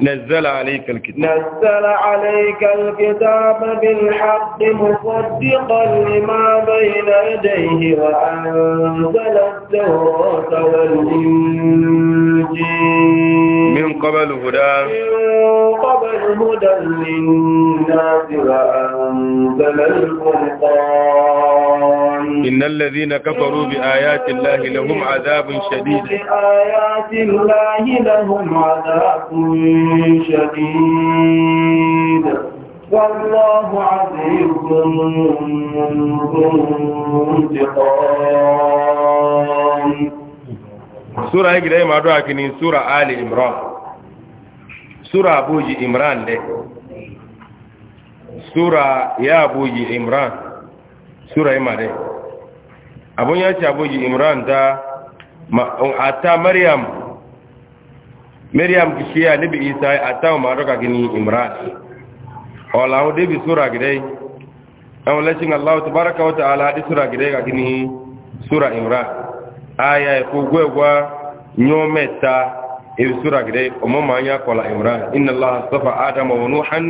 [SPEAKER 2] نزل عليك الكتاب نزل عليك الكتاب بالحق مصدقا لما بين يديه وأنزل التوراة والإنجيل
[SPEAKER 1] من قبل هدى من
[SPEAKER 2] قبل هدى للناس وأنزل الفرقان
[SPEAKER 1] إن الذين كفروا بآيات الله لهم عذاب شديد
[SPEAKER 2] بآيات
[SPEAKER 1] الله
[SPEAKER 2] لهم عذاب شديد والله عزيز ذو
[SPEAKER 1] انتقام sura yake dai madu akini sura ali imran sura abuji imran de sura ya abuji imran sura imade abun ya ce abuji imran da ata maryam maryam kishiya nabi isa ata madu akini imran ola o debi sura gidai an wala shin tabaraka wa ta'ala di sura gidai akini sura imran aya ikogwe gwa nyometa ibsura gide umma nya kola imran inna allaha safa adama wa nuhan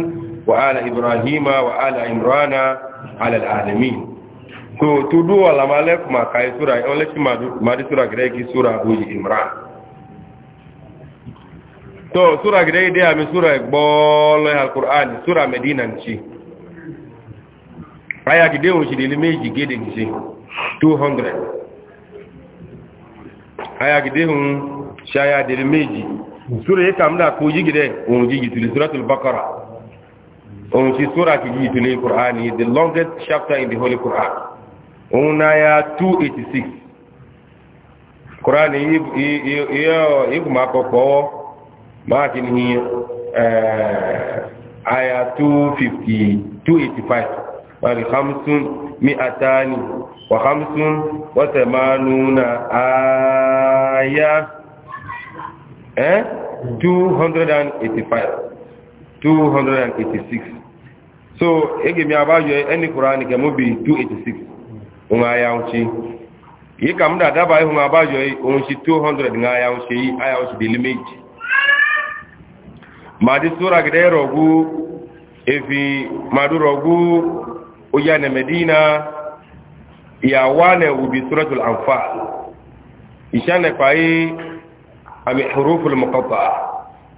[SPEAKER 1] wa ala ibrahima wa ala imrana ala alalamin to tudu wala malek ma kai sura on leki madu madu sura gide ki sura buji imran to sura gide de ami sura gbolo alquran sura medina nchi aya gide o shi dile gede nchi 200 ayagide hun shaya dere meji sura yi kam da ko jigide ohun jigi tuli suratul bakara ohun ci sura ki jigi tuli qur'an is the longest chapter in the holy qur'an ohun na ya 286 qur'an yi yi yi kuma kokko ma kin hi eh aya 250 285 bari hamsin mi'atani wa hamsin wa na aya eh 285 286 so ege mi abajo eni qur'ani ke mo bi 286 un aya unchi yi kam da daba ihun abajo unchi 200 nga aya unchi aya unchi the limit ma di sura gidero evi ma maduro rogu oya ne medina ya wane ubi suratul anfal ishane fayi ami huruful muqatta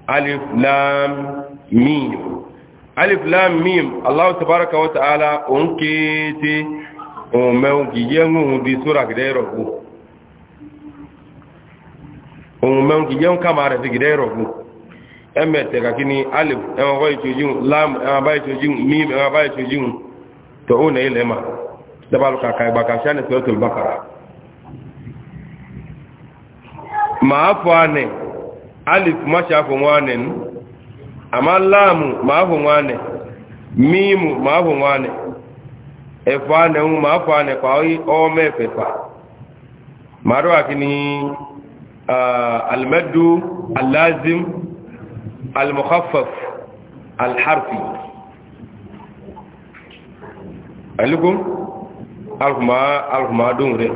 [SPEAKER 1] alif lam mim alif lam mim allah tabaaraka wa ta'ala onkiti o meungi yengu ubi sura gidero bu o meungi yengu kamare gidero bu emete kakini alif ewa bai chojin lam ewa bai chojin mim ewa bai chojin tọ́wọ́ náà ilẹ̀ ma dábàlù kàkà ìgbà kàṣà ní sọ́rọ̀ tòlù bàkàrà máa fọ́ anẹ̀ alif máṣà fún wọn anẹ̀ nù àmá láàmù máa fún wọn anẹ̀ mímù máa fún wọn anẹ̀ ẹ̀fọ́ anẹ̀ ń máa fọ́ anẹ̀ pa ọmọ ẹ̀fẹ̀ máa rọ́ àti ní alimẹ́dù alázim alimọ́kàfẹ́f alharfi alikun alhuma don re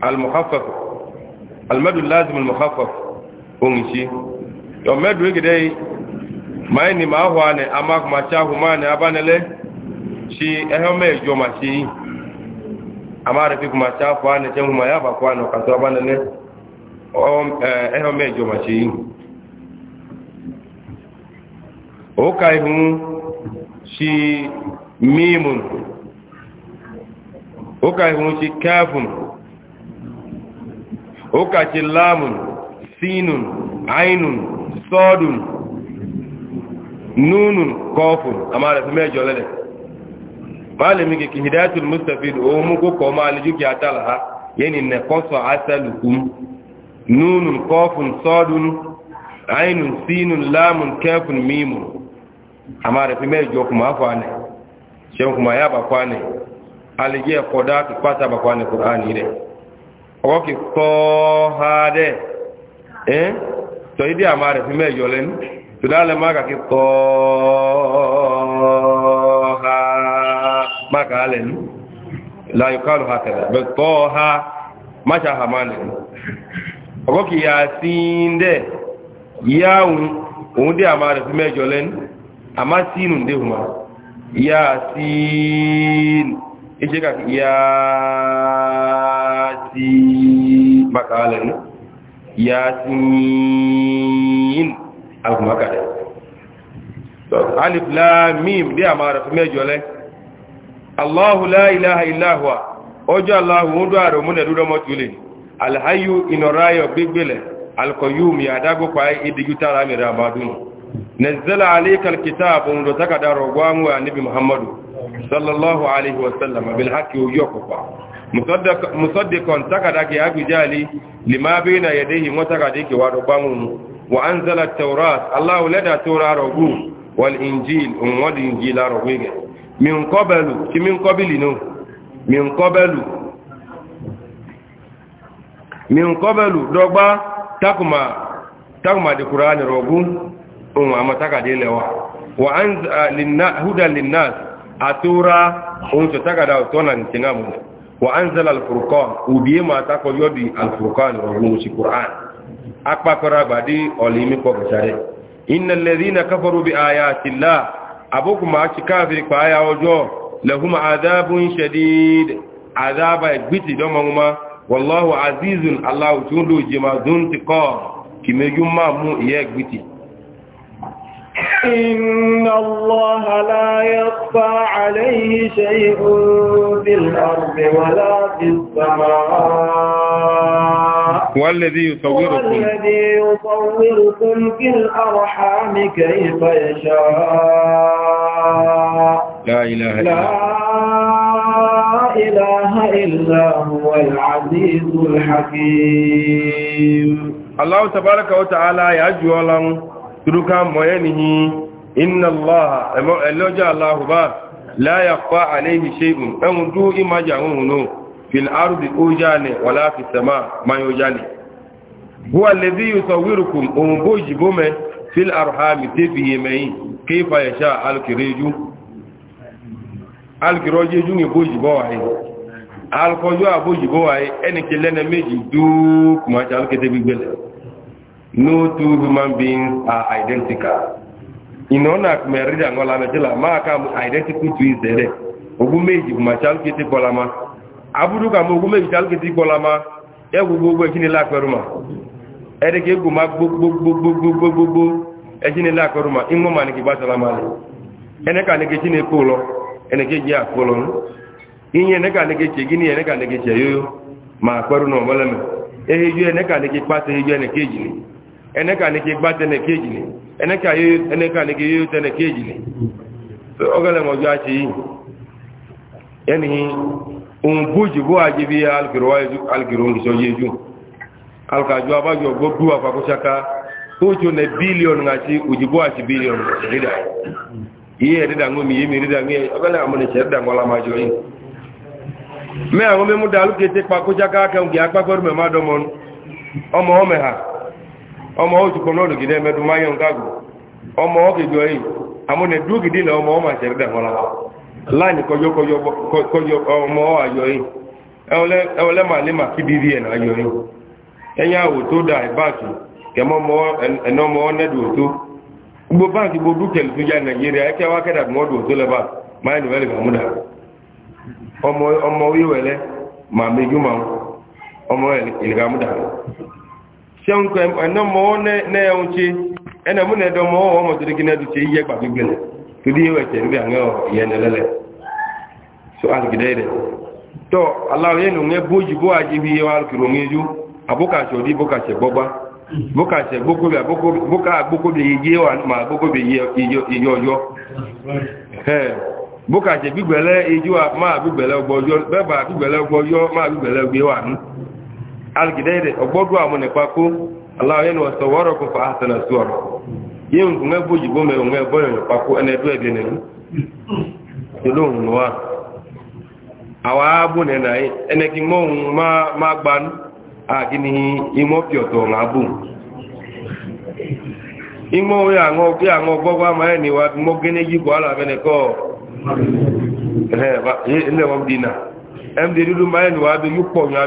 [SPEAKER 1] almuhaffaf almadu lazim almuhaffaf ohun shi yau medu yake dai ma yi ni ma ahuwa ne a makuma cahuma ne abanile shi ehun mai jo ma shi yi a mara fi kuma cafuwa ne can kuma ya bakuwa ne kasu abanile ehun mai jo ma shi o ka ihun shi mimun uka hunci kafin uka ci lamun sinun ainun sodun nunun kofun amma da fi mejo lele malami ke ki hidayatul mustafid o mu ko ko maliju ki atalha yani ne koso asalukum nunun kofun sodun ainun sinun lamun kafun mimun amma da fi mejo kuma fa ne sɛn kuma ya ba kwa ne alijɛ kɔda ki kpata ba kwa ne kur'ani dɛ ɔkɔ ki kɔɔha dɛ ɛn tɔ i di a ma rɛ fi mɛ yɔlɛ ni tɔ da lɛ ma ka ki kɔɔha ma ka alɛ ni la yɔ kalo ha kɛlɛ mɛ kɔɔha ma ca ha ma lɛ ni ɔkɔ ki yasin òun di a ma fi mɛ yɔlɛ ni a ma yasin ije ka yasin bakalan yasin alkumaka da alif lam mim bi amara fi mejo le allah la ilaha illa huwa ojo allah mu do aro mu ne do mo tule alhayyu inorayo bigbele alqayyum ya dago pa idigu tara mi ramadun nazzala alayka alkitab ndo takada rogwamu ya nabi muhammad sallallahu alayhi wa sallam bil haqqi yoko kwa musaddaq musaddiqan takada ki abijali lima baina yadayhi mutakada ki wa rogwamu wa anzala at-taurat allah lada tawrat rogu wal injil umwal injil rogwige min qablu ki min qabli no min qablu min qablu dogba takuma takuma di qur'an rogu ohun àmọ́tàkàdé lẹ́wà wà á ń húdà linnas àtúrà ohun tó tàkàdá ọ̀tọ́nà nìtìná mú wà á ń zẹ́lá alfurkan òbí é máa takọ yọ́dì alfurkan rọrùn òsì quran apapẹ̀rẹ̀ àgbàdé ọ̀lẹ́mí pọ̀ kẹsàrẹ́ iná lẹ́rí na káfọ́rọ̀ bí aya ti lá àbókù máa ti káàfin pa aya ọjọ́ azizun aláwù tí ó lò jẹ́ ti kọ́ kìmẹ́jú máa mú ìyẹ́ ẹgbìtì
[SPEAKER 2] إن الله لا يخفى عليه شيء في الأرض ولا في
[SPEAKER 1] السماء والذي يصوركم والذي
[SPEAKER 2] يصوركم في الأرحام كيف يشاء لا إله إلا لا إله إلا
[SPEAKER 1] هو العزيز الحكيم الله تبارك وتعالى يجعل turuka mọ̀yẹ́ nìyí iná lọ́jọ́ aláhùbá láyà pa àléhì ṣe ìhùn ẹ̀hùn tó ìmájà ohun náà fil arúbì ó jáde wọlá fi sẹ́mà máa yóò jáde wọ́n lè bí yóò sọ wírùkùn ohun bó ìjìbó mẹ́ fil arhami tẹ́fì yẹmẹ́yìn kéfà yẹ̀ṣà alkìrẹ́jú alkìrọ́jẹ́jú ní bó ìjìbó wáyé alkọjọ́ àbó ìjìbó no two human beings are identical na kumeri da ngola me tila ma ka identical to is there ogu meji ma chal kiti kolama abudu ka ogu meji chal kiti kolama e gugu gbe kini la peruma e de ke gu ma gugu gugu gugu gugu e kini la ingo ma ni ma le e ka kolo inye ne ka ka ma ka pata ẹnẹ́ka ní kí gbá tẹ́nẹ̀ kéjì ní ẹnẹ́ka ní kí yóò tẹ́nẹ̀ kéjì ní tó ọgọ́lẹ̀mọ̀jọ́ àti yìí ẹni ohun bójì bó àjẹ́ bí alkìrò ìṣọ́ yéjú alkàjọ abájọ gbogbo àfàkóṣaká ó tó nẹ bílíọ̀nù àti òjìbó àti bílíọ̀nù rídà iye rídà ngómi yé mi rídà ngómi ọgọ́lẹ̀ àmọ́nìṣẹ́ rídà ngọ́lá máa jọ ọmọ ọmọ ha ọmọ ojú kọ́ lọ́dún gidi ẹ̀mẹ́dún máa yọ nǹkan gùn ọmọ ọ̀gẹ̀jọ yìí àmúnẹ̀ dúró gidi ọmọ ọmọ àṣẹ rẹ̀ mọ́lá láàní kọjọ kọjọ ọmọ ayọ yìí ẹwọlẹ́ màá lé màá kíbi rí ẹ̀nà ayọ yìí ẹ̀yà àwò tó da ìbáàkì ẹ̀nà ọmọ ọ̀nẹ́dù òtó gbogbo báàkì gbogbo dúkẹ̀lì tó já nàìjíríà ẹ̀kẹ́ wá kẹ́dà òtó gàmúdà ọmọ ọmọ sẹ́wọ̀nkọ́ ẹ̀nàmọ́ nẹ́ẹ̀wọ̀nṣe ẹnàmú nẹ́ẹ̀dọ́mọ́ ọmọ tó dégé náà dùtẹ̀ yíyẹ gbàgbégbé nẹ tó dé ẹwẹ̀ tẹ̀ níbi àwọn ìyẹn lẹ́lẹ̀ so alìgídẹ́ rẹ̀ tọ́ aláwọ̀ yẹn nùgbẹ́ bójú bó ajé bí yẹwà kìrò ńgẹ́jú abókàṣọ dí bókàṣẹ gbọ́gbá algidaide ogbodu amune kwaku allah yenu onye fa ahsana suwaraku yin ngue buji bo me ngue boyo kwaku ene du ebene ni tulun awa awabu ne nai ene ki mo ma ma gban imo pio to imo ya ma wa mo gene ji ko ala bene ko ba ile wa mdina em de ma wa yupo nya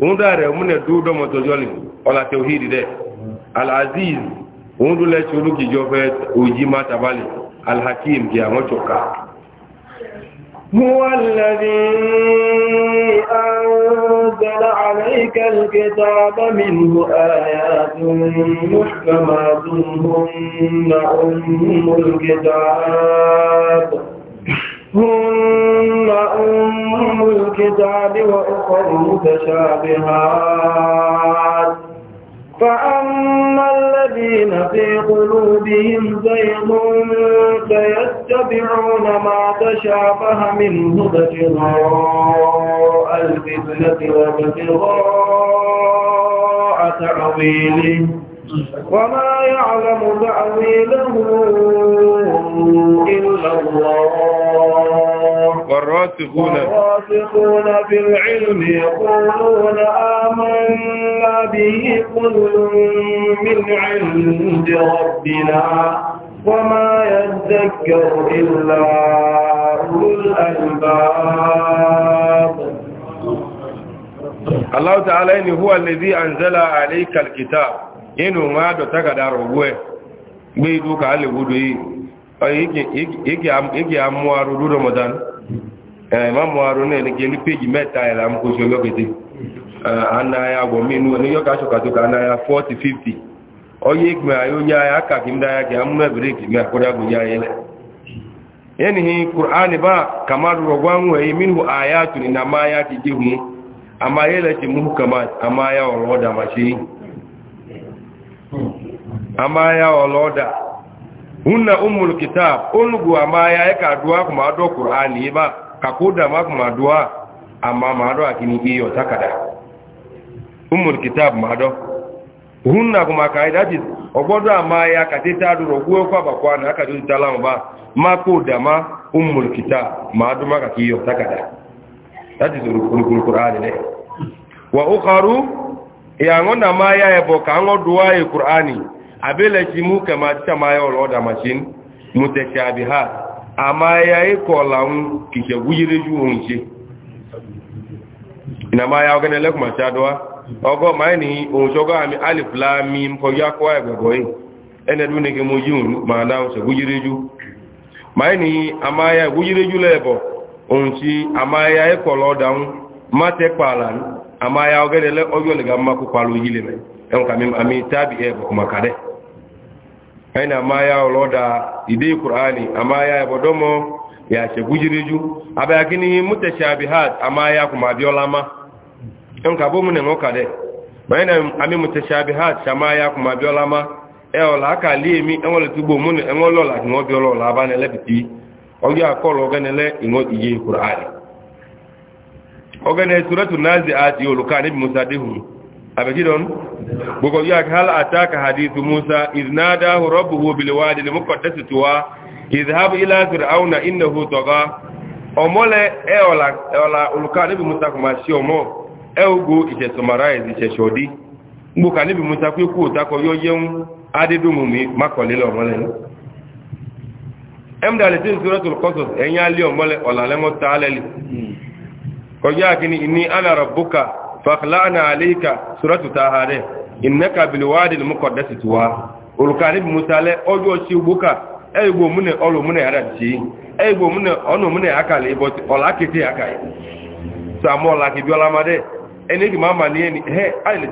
[SPEAKER 1] òun dá rẹ̀ múnẹ̀ dúdọ́ mọ́tọ́jọ́ lè ọlá tẹ òhìrì rẹ̀ alaziz òun dúlẹ̀ tí olókìjọ fẹ́ òjì má tabalẹ̀ alhakim kí àwọn
[SPEAKER 2] هو الذي أنزل عليك الكتاب منه آيات محكمات هن أم الكتاب هن أم الكتاب وأخر متشابهات فأما الذين في قلوبهم زيغ فيتبعون ما تشابه منه ابتغاء الفتنة وابتغاء تعويله وما يعلم تأويله إلا الله والراسخون والراسخون في العلم يقولون آمنا به كل من عند ربنا وما يذكر إلا أولو الألباب
[SPEAKER 1] الله تعالى هو الذي أنزل عليك الكتاب inu ma do takada rogwe gbe du ka le wudu yi iki iki am iki amu aru du ramadan eh ma ne gele page meta ila am ko so ana ya go minu yo ka so ka to ya 40 50 oye igbe ayo nya ya ka kim da ya ki amu break me ko da go ya ile qur'ani ba kamar rogwan wa e, minhu ya ki amma yele ti amma ya mashi amaya oloda hunna ummul kitab olugu amaya e ka duwa kuma do qur'ani ba ka koda ma kuma duwa amma ma do akini iyo takada ummul kitab ma do hunna kuma kaida ji ogbodo amaya ka ti tadu rogu ko ba kwa na ka du talam ba ma koda ma ummul kitab ma do ma ka iyo takada that is qur'ani ne wa ukharu ya ngona maya e bo ka ngo duwa e qur'ani abelechi mụ kemachamaya ha mutechi abiha amaya ịkọlanwu kike gwuyireju onche na maya ọgana elekwumachi adụwa ọgọ ma ni onche ọgọ ami aliflami mkọgị akụwa egwegoi e. enedunike moji ma na onche gwuyireju ma ni amaya gwuyireju lebo onche amaya ịkọlọdanwu matekpalan mi aina amaya oloda ide qur'ani amaya bodomo ya chegujiriju abayakini mutashabihat amaya kuma biolama nka bomu ne ngokade baina ami mutashabihat shamaya kuma biolama e ola ka liemi enwole tubo mu ne enwolo la ngo biolola abane lebiti ogi akolo genele ingo ogene suratu naziat yolukani musadihum abegidon bugo yak hal ataka hadithu musa iznadahu rabbuhu bil wadi al muqaddas tuwa idhhab ila fir'auna innahu tagha omole eola eola ulukani nabi musa kuma si omo eugo ije summarize ije shodi mbuka nabi musa ku ku ta ko yoyeun adedumu mi makole lo omole emda le tin suratul qasas enya li omole ola le mo taale hmm. ko yakini inni ana rabbuka fakhla'na alayka suratu tahare innaka bil wadi al muqaddas tuwa ulkanib musale ojo chi buka eyigbo mune olu mune ara chi eyigbo mune onu mune akale but olakete akai samo laki aka olamade enigi mama ni eni he ali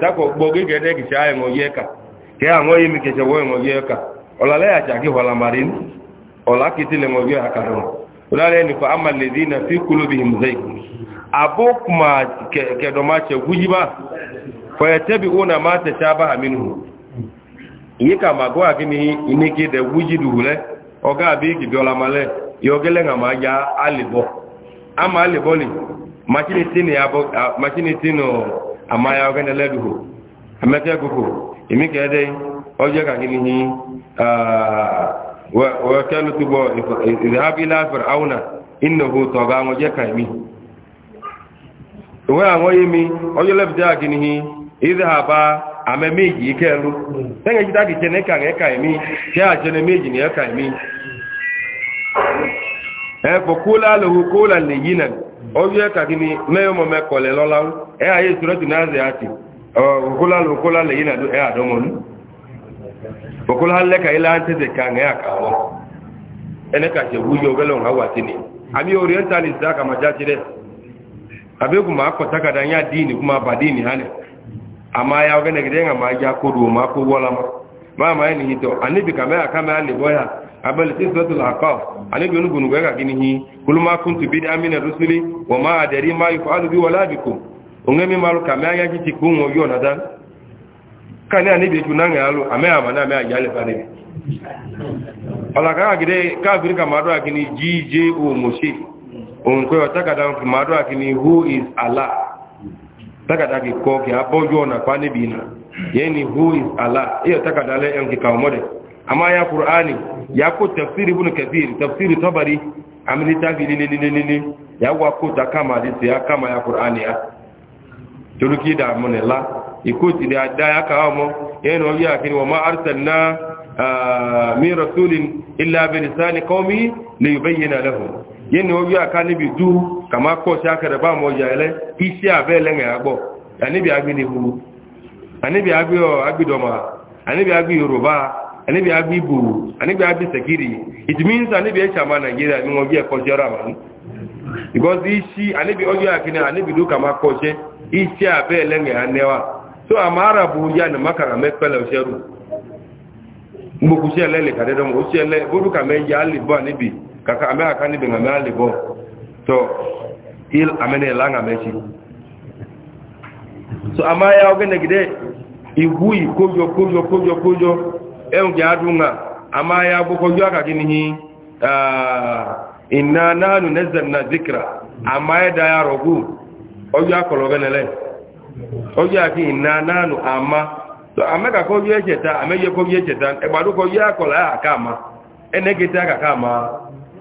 [SPEAKER 1] abokuma ke domace guji ba fayatabi una ma ta shabaha minhu ma guwa gini iniki de guji duhule oga bi ki biola male yogele nga ma ya alibo ama alibo ni machini tini abo machini tino ama ya ogene leduho amete gugu imike de oje ka gini ni ah wa wa kanu tubo idhab ila fir'auna innahu tagha mujaka min ìwé àwọn yé mi ọjọ́ lẹ́bìtẹ́ àgìnìhì ìdẹ́ àbá àmẹ́ méjì ìkẹ́ẹ̀lú tẹ́gẹ̀ jí dákì tẹ́ nẹ́kà ẹ̀kà ẹ̀mí tẹ́ àjẹ́nẹ méjì ní ẹ̀kà ẹ̀mí ẹ̀fọ̀ kólà lòwò kólà lè yí nà ọjọ́ ẹ̀kà gini mẹ́yọmọ mẹ́kọlẹ̀ lọ́láwú ẹ̀ ayé ìṣúrọ́tì náà zẹ̀ àti kólà lòwò kólà lè yí nà ẹ̀ àdọ́mọ́nú kólà lẹ́kà ilá ń tẹ́tẹ̀ kà ẹ̀ abe kuma akɔ takada nya diini kuma ba diini hali ama ya ɔgɛ nɛgɛdɛ ŋa ma ya ko do ma ko wɔla ma maa ma ye nin hitɔ ani bi kame akame ani bɔya abali ti sɔtu la kɔ ani bi onu gunugbɛ ka gini hi kuluma kuntu bi di amina rusuli wa ma adari ma yi fɔ alu bi wala bi ko o ŋa mi ma lu kame aya titi ko ŋo yɔ na dan kani ani bi tu na ŋa alu ame ama na ame ayi ale fa de bi ɔlɔ kaka k'a biri kama do a gini jiije o mo se òun pé ọ̀tákàdá ń fi máa dọ́ àkí ni who is allah tákàdá kì kọ́ kì á bọ́jú ọ̀nà pa níbi ìnà yẹn ni who is allah èyí ọ̀tákàdá lẹ́ ẹn kìkà ọmọdé àmọ́ ya kùránì ya kó tafsiri bùnú kẹfìrì tafsiri tọ́bàrí amílítà fi lílílílílí ya wá kó ta kama àti tìyà kama ya kùránì ya torí kí dààmú ni ìkó ti di adá ya kà ọmọ yẹn wọ́n yà kí wọ́n máa arsẹ̀l náà min rasulin illa bi lisani qawmi li yubayyana lahum yẹni ó yọ àká níbi dú kàmá kọ́ sí akẹrẹ bá mọ́ ọjà ẹlẹ́ iṣẹ́ àbẹ́ ẹlẹ́rìn àgbọ̀ àníbi agbé ni huru àníbi agbé ọ agbédọ̀mà àníbi agbé yorùbá àníbi agbé ibò àníbi agbé sẹ̀kírì ìtìmínsà àníbi ẹ̀ṣà máa nàìjíríà ni wọ́n bí ẹ̀kọ́ sí ọ̀rọ̀ àmàlú because iṣi àníbi ọjọ́ àkínní àníbi dú kàmá kọ́ ṣẹ́ iṣẹ́ àbẹ́ ẹlẹ́rìn ànẹ́wà tó àmà àràbù yá ni mákàrà mẹ́pẹ́lẹ̀ ọ̀ṣẹ́rù gbogbo ṣẹlẹ̀ lè kàdẹ́dọ́mọ̀ ó ṣẹlẹ̀ kaka ame aka ni benga me alibo to il amene langa mechi so ama ya ogene gide igui kojo kojo kojo kojo eunge adunga ama ya bokojo aka kini hi ah inna nanu nazzalna dhikra ama ya da ya rogu ojo akolo benele ojo aki inna nanu ama so ameka kojo echeta ameje kojo echeta egbadu kojo akola aka ama enegete aka ama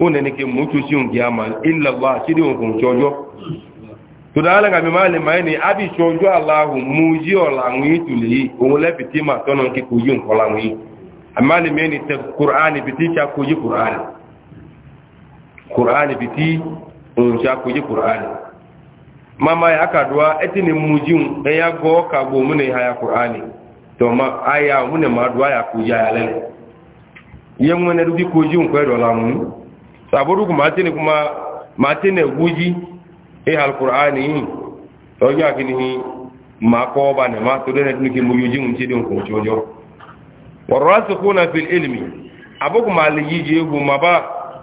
[SPEAKER 1] une nike mutu si un kiyama illa allah sidi un kun chojo to da alaga mi male mai ni abi chojo allah muji ola nwi tuli un le bitima tonon ki ku yun kola nwi amali meni te qur'an biti cha ku ji qur'an qur'an biti un cha ku ji qur'an mama ya aka duwa etini muji un e ya go ka go mune haya qur'ani to ma aya mune ma ya ku ya lele yen mune rubi la mun saboru kuma atini kuma matine guji e eh, alqur'ani yi o ya kini ma ko ba ne ma to dene tinki mu yuji mun tidin ko jojo warasikhuna fil ilmi abuku maliji gu ma ba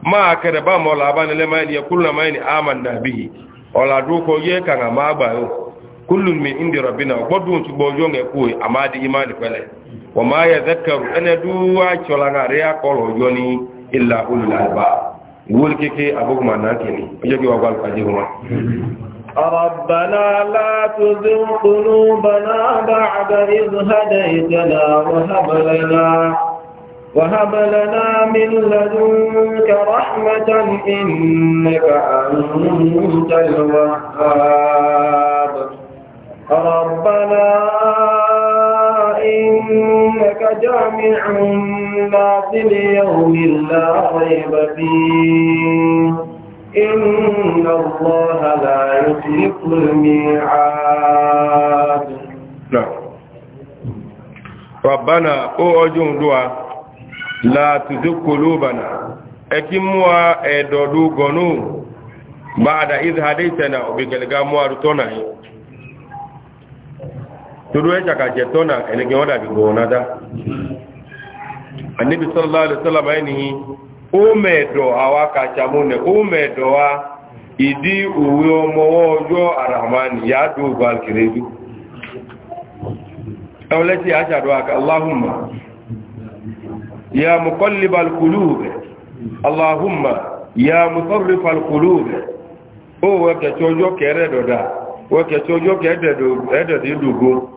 [SPEAKER 1] ma kada ba mola ba ne lema ya kullu ma ni amanna bihi ola du ko ye kan ma ba yo kullu min indi rabbina gbodun tu bojo nge ku amadi imani pele wa ma yadhakkaru ana duwa chola ngare ya kolo joni illa ulul albab ìwúrí kéèké àgbógbùmà náà kìíní ọjọ́ kí wọ́n gbá alùpàdé wọn
[SPEAKER 2] ربنا لا تزغ قلوبنا بعد إذ هديتنا وهب لنا وهب لنا من لدنك رحمة إنك أنت الوهاب ربنا إنك جامع الناس ليوم لا ريب فيه إن الله لا يخلف الميعاد
[SPEAKER 1] نعم ربنا او اجون دوا لا تزغ قلوبنا اكموا ادودو غنو بعد إذ هديتنا وبكلغا موارتنا toro ya jaka je tona enege wada bi go nada annabi sallallahu alaihi wasallam ayini o medo awaka chamune o medo wa idi uwe omo ojo arahman ya do bal kiredu awlati ajadu aka allahumma ya muqallib al qulub allahumma ya musarrif al qulub o wa ke chojo kere doda wa ke chojo ke dedo edo dugo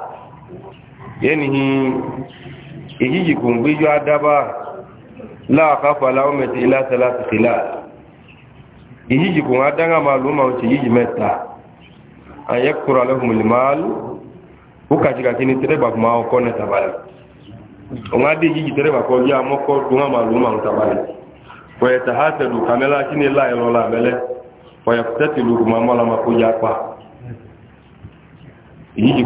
[SPEAKER 1] yanihi ejiji kungbejo adaba láàkáfà láwọn mẹ́ta ilá tẹ́láti tẹ́lá ejiji kung adanga maluma ọ̀tí yíji mẹ́ta ayẹ́kùrọ̀ alẹ́kùnmùlìmáàlù ó kàjíkà kí ni tẹ́rẹ̀bà fún àwọn ọkọ̀ náà tàbálẹ̀ òun adé yíji tẹ́rẹ̀bà kọ́ yá mọ́kọ́ dùnmọ́ maluma ọ̀tí tàbálẹ̀ wọ́yẹ̀ tàhátẹ̀lù kàmẹ́lá kí ni láì pa èyí jì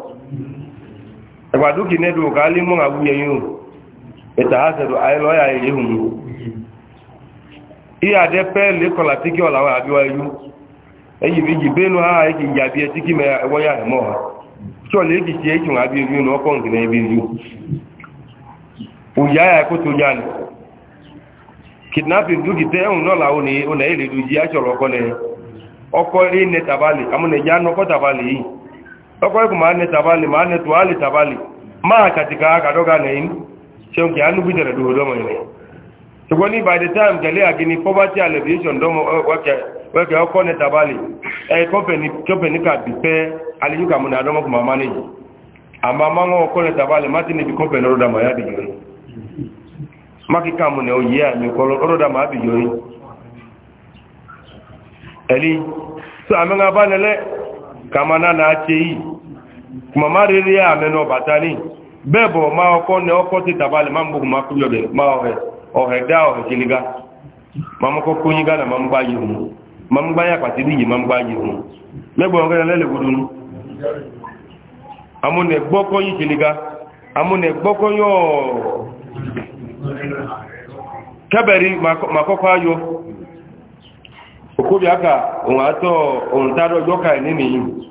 [SPEAKER 1] ẹgbàdókì nẹ́dù ọ̀gá lé mọ́ àwúyẹ yóò ẹ̀tà àṣẹ̀dù àìlọ́yà ìyẹ́hùn mú ìyàdẹ pẹ́ẹ̀lẹ́ kọlà tí kí ọ̀làwọ̀ àbíwá ịkọla tike méjì bẹ́ẹ̀nu àá ẹkì ìyàbí ha tí ọ̀lẹ́ èkì sí ẹkì wọn àbí ẹyú ní ọkọ̀ ọkọ̀ ikú ma ní tàbálì ma ní tùwálì tàbálì máa kàtìkà àkàdọ́gà nẹ̀yìn ṣe ń kì ánú ilẹ̀ ṣùgbọ́n ní by the time gẹ̀lẹ́ àgini poverty alleviation dọ́mọ wẹ́kẹ̀ ọkọ̀ ní tàbálì ẹ̀ kọ́pẹ̀ní kà bí pẹ́ aliyúkà mú ní adọ́mọkùnmá mánéjì àmà máa ń ọkọ̀ ní tàbálì má ti níbi kọ́pẹ̀ lọ́rọ̀dà máa yá bìyọ́ mákìkà mú ní oyè àmì kọ́ kuma ma rere ya amẹ náà bàtà ní bẹ́ẹ̀ bọ̀ ma ọkọ́ ní ọkọ́ ti tàbálẹ̀ ma ń gbogbo ma kú yọ bẹ̀ ma ọ̀rẹ́ ọ̀rẹ́ dá ọ̀rẹ́ kìnnìga ma ń kọ́ kóyin gánà ma ń gbá yìí hùn ma ń gbá yàpàtì níyì ma ń gbá yìí hùn lẹ́gbọ̀n ọ̀rẹ́ lẹ́lẹ́gbọ̀dọ̀ nù amúnẹ̀ gbọ́kọ́ yìí kìnnìga amúnẹ̀ gbọ́kọ́ yọ̀ kẹ́bẹ̀rí ma kọ́kọ́ ayọ́ òkúbi aka òun àtọ̀ òun tádọ́ ọjọ́ káì nínú yìí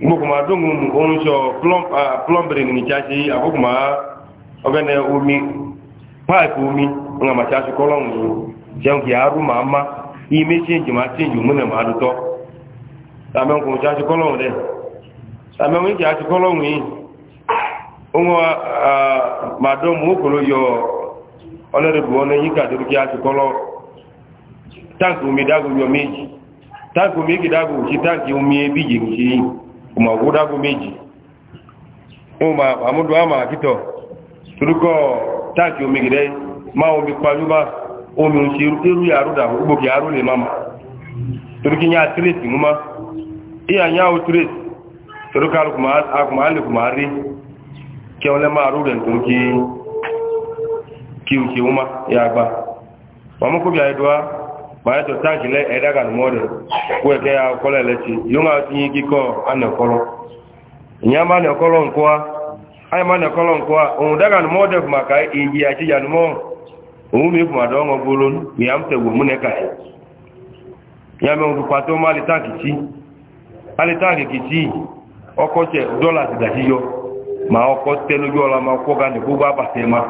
[SPEAKER 1] gbogbo ah, ma ohun sọ plọmbìrì ní ìjáṣe a máa ọgẹ́nẹ omi páìpù omi wọn àmà ṣáṣe kọ́lọ́hùn ní jẹun kì í arú máa má ime ṣéǹjì máa ṣéǹjì múnẹ̀ máa dútọ́ sàmẹ́kùn ṣáṣe kọ́lọ́hùn rẹ̀ sàmẹ́kùn ìjì àṣe kọ́lọ́hùn yìí ohun màdọ́mù kuma wudago meji uma amudu ama kito turuko taki omigire ma omi paluba omi n ṣe eru yaro gbogbo yaro le mama turuki ya tiresi muma iya ya o tiresi turuka akuma ale kuma ri kí ọlẹ́ máa rú rẹ̀ nítorí kí kí ṣe muma ya gba àìdọ́wà báyẹ̀ tó táàkì lẹ́ ẹ̀dàgà ní mọ́rẹ̀ kó ẹ̀kẹ́ ya ọkọ́lẹ̀ lẹ́tí yóò máa tí yí kíkọ́ anẹ̀kọ́lọ́ ìyá máa nẹ̀kọ́lọ́ ǹkọ́wá ayé máa nẹ̀kọ́lọ́ ǹkọ́wá òun dàgà ní mọ́ọ̀dẹ̀ fún màkà èyí àti ìyànumọ́ òun mi fún ìyá ń tẹ̀wò ìyá mi òun máa lè táàkì kìtì dọ́là ti dàtí yọ màá lójú máa ma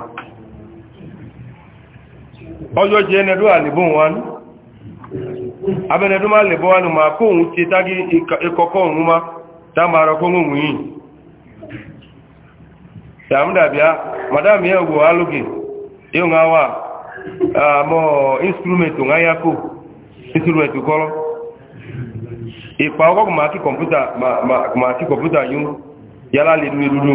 [SPEAKER 1] ọjọ́ jẹ́ ẹnẹ́dọ́ abẹnẹdún máa lè bọ́ wá ní ma kó òun ti tágí ikọ̀kọ́ òun má dámàrà kó ń wùn yìí sàmúdàbíá madame yẹ́ ògbò alógè yóò ń wá àmọ́ instrument ń yá kó instrument kọ́lọ́ ìpa ọkọ̀ kò máa kí kọ̀mpútà yún yálà lè dúró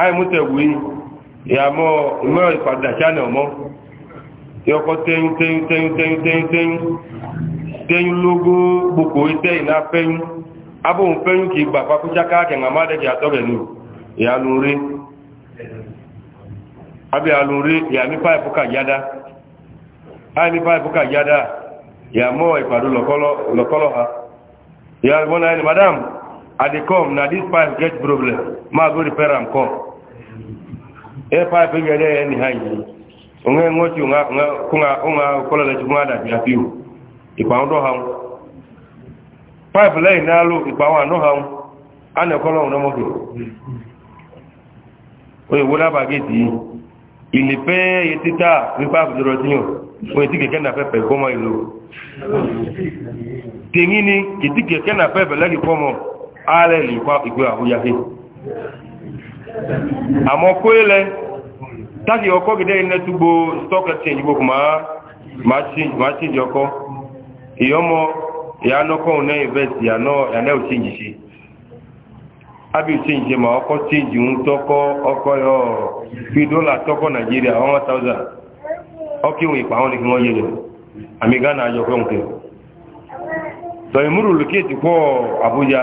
[SPEAKER 1] ayi mu tẹ̀wé ìyàmọ́ ìmọ̀ ìpàdé àṣánà ọmọ tí ọkọ̀ tẹ́yún tẹ́yún tẹ́yún tẹ́yún tẹ́yún tẹ́yún tẹ́yún lógó gbogbo tẹ́yìn náà fẹ́yún abóhun fẹ́yún kì í gbà pakúṣá káàkiri ní ìyànú rí abẹ́ rí ìyàmí páìpù páìpù ìyàmọ́ ìpàdé lọ́kọ́lọ́ ha ìyàmọ́ náà ni madam i dey come na dis pipe get problem ma go repair am come air pipe wey get anyhow yi onwe nwochi onwa kọlọlechi nwa adabi apiu ipa ọdọ ha pipe lẹ́yìn náà ló ipa wọn àná ha a na ẹ̀kọ́ lọ́wọ́ mọ́tò oyinwo náà gẹ̀ẹ́sì títà ní pipe dọ̀rọ̀ tíyàn oye tí alẹ́ lè pa ìgbé àwúyáfé àmọ́ kó ilẹ̀ tàbí ọkọ́ gẹ̀dẹ́ iná túgbò stock exchange gbogbo máa change ọkọ́ ìyọmọ invest òchange ṣe ṣe ma ọkọ́ change ń tọ́kọ́ ọkọ́ yọ fi dọ́là tọ́kọ́ nàìjíríà 1000 ọkí òun ìpàwọn ní kí wọ́n yẹ lọ àmì ghana ayọ̀kọ́ ìmúrù lókè ti pọ̀ àbújá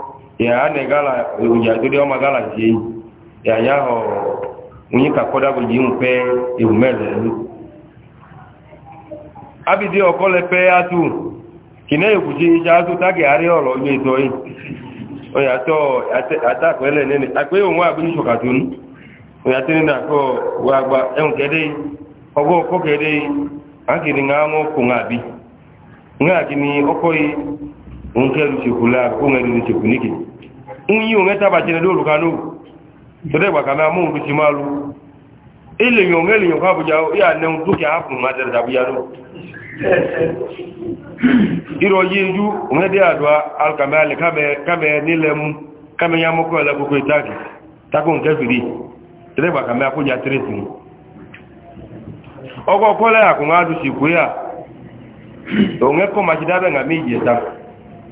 [SPEAKER 1] ya ne gala ya to dio magala ji ya ya ho unyi ka koda go ji mpe e umele abi dio kole pe atu kine yukuji ja atu tage ari oro ni to yi o ya to ata ko ele nene akwe yo nwa e bi shoka tun o ya tin na ko wa gba e un kede ogo ko kede akiri nga ngo ko ngabi nga kini okoyi onkeru chekula ongeru chekuniki unyi ongeta bachine dolu kanu todegba kama mundu chimalu ile yongeli yokabu jao ya ne utuke hapo madara dabu yalo iro yiju ongede adwa alkamale kame kame nilem kame yamoko ala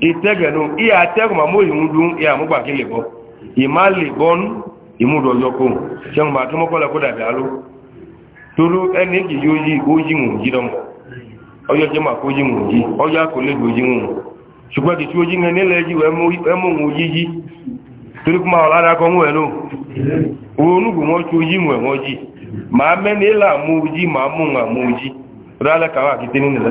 [SPEAKER 1] ìtẹ́gẹ̀nu ìyà ihe ma mú ìmúdún ìyà mú gbàkí lè bọ́ ìmá lè bọ́n ìmúdọ̀ yọkùn ṣẹun bá kí mọ́kọ́lẹ̀ kó dàbí aló toró ẹni kì yóò yí ojímù jídọ́mù ọjọ́ jẹ́ màkó jímù yí ọjọ́ àkọlẹ́gbẹ̀ ojímù ṣùgbọ́n kì tí ó jímù nílẹ̀ yí ẹmọ́hun ojí yí torí kúmà mú tí mẹ́ni mú ojí mú àmú ojí rálẹ̀ nínú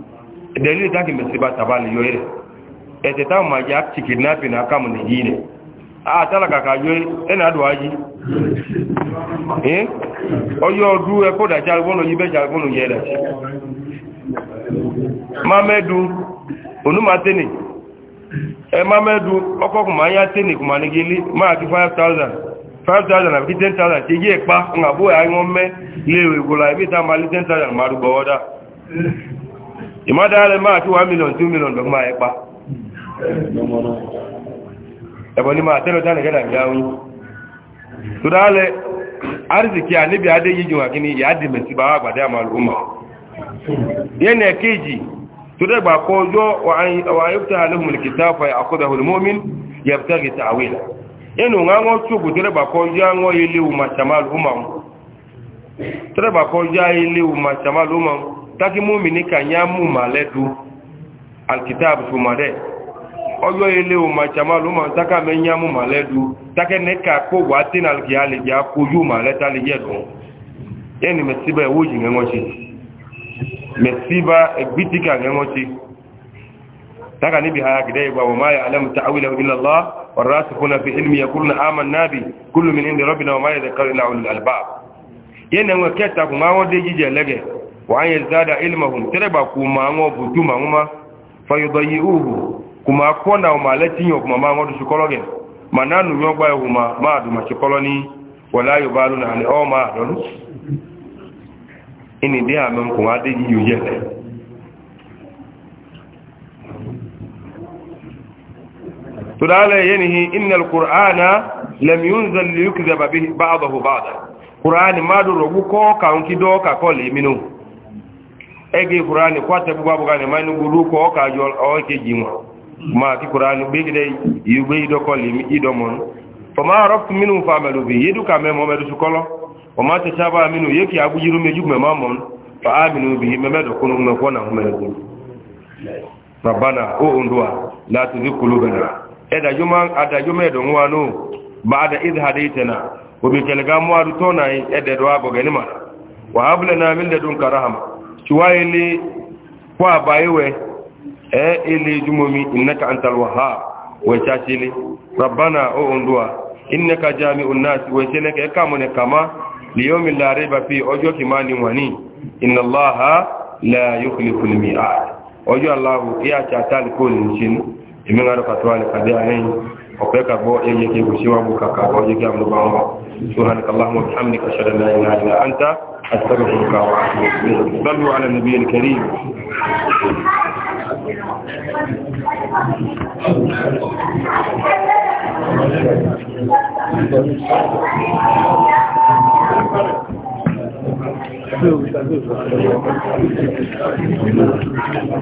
[SPEAKER 1] dalili taki mesiba tabali yoyere eteta maja tikidnapi na kamu nejine a talaka ka yoy ena do aji eh oyo du e ko da jalbono yibe jalbono yele mamedu onu mateni e mamedu oko kuma ya teni kuma nigili ma ki 5000 5000 abi 10000 ti ye pa ngabo ayi won me lewe gola ibi ta ma 10000 ma ru gboda ìmọ́dá rẹ̀ máa tí 1 million 2 million lọ máa ẹpa ẹ̀bọ̀n ni máa tẹ́lọ tánà gẹ́dà ní àwọn tó dáálẹ̀ arziki a níbi adé yíjù wà kíní ìyá dìmẹ̀ sí bá àgbàdé àmàlùmọ̀ yẹ́nà kéjì tó dẹ́gbà kọ́ yọ wà ayọ́pútà alẹ́mùlìkìtà fà àkọ́dà hulmomin yẹ̀pútàgì tàwílà yẹ́nà ńgáwọ́ tóògù tó dẹ́gbà kọ́ yọ àwọn taki mumini ka nya mu maledu alkitab fumade oyo ele o ma chama lu ma taka me nya mu maledu take ne ka ko wa tin alkiali ya ko yu maleta le ye do yani mesiba woji ngengochi mesiba ebitika ngengochi taka ni bi haya gidai ba wa ma ya'lamu ta'wilahu illa Allah والراسخون في علم يقولون آمنا به كل من عند ربنا وما يذكر إلا أولي الألباب يعني هو كتاب ما ودي جيجي لغي wa an yazada ilmahum tere ba kuma ngo butu manguma fayudayiuhu kuma kona kuma mango du shikologe mananu nyogba yuma ma du machikoloni wala na ani o ma don ini dia amen ko ade yi yuje tudale yenihi innal qur'ana lam yunzal liyukdhaba bihi ba'dahu ba'da qur'ani madu do ka kole minu ege kurani kwata bugwa bugane manu guruko ka jol ke jimo ma ki kurani bigde yube ido kolim ido mon fa ma araftu minhu fa amalu bi yidu kame mo medu sukolo wa ma tashaba minu yeki abujiru meju me mamon fa aminu bi memedo kunu me kona medu o la juma ada juma ngwanu ba'da wa bi wa min ladunka rahmah tiwa ile kwa bayewe e ile jumomi innaka antal wahhab wa chachile rabbana o ondua innaka jami'un nas wa cheleke kamone kama liyomi la reba fi ojo kimani wani inna allaha la yukhlifu al mi'ad ojo allah ya chatal kul nshin imengaro katwale kadia nei opeka bo yeye kigusiwa bukaka ojo kiamlo bawo subhanakallahumma wa bihamdika ashhadu an la ilaha illa anta صلوا على النبي الكريم
[SPEAKER 3] Thank you.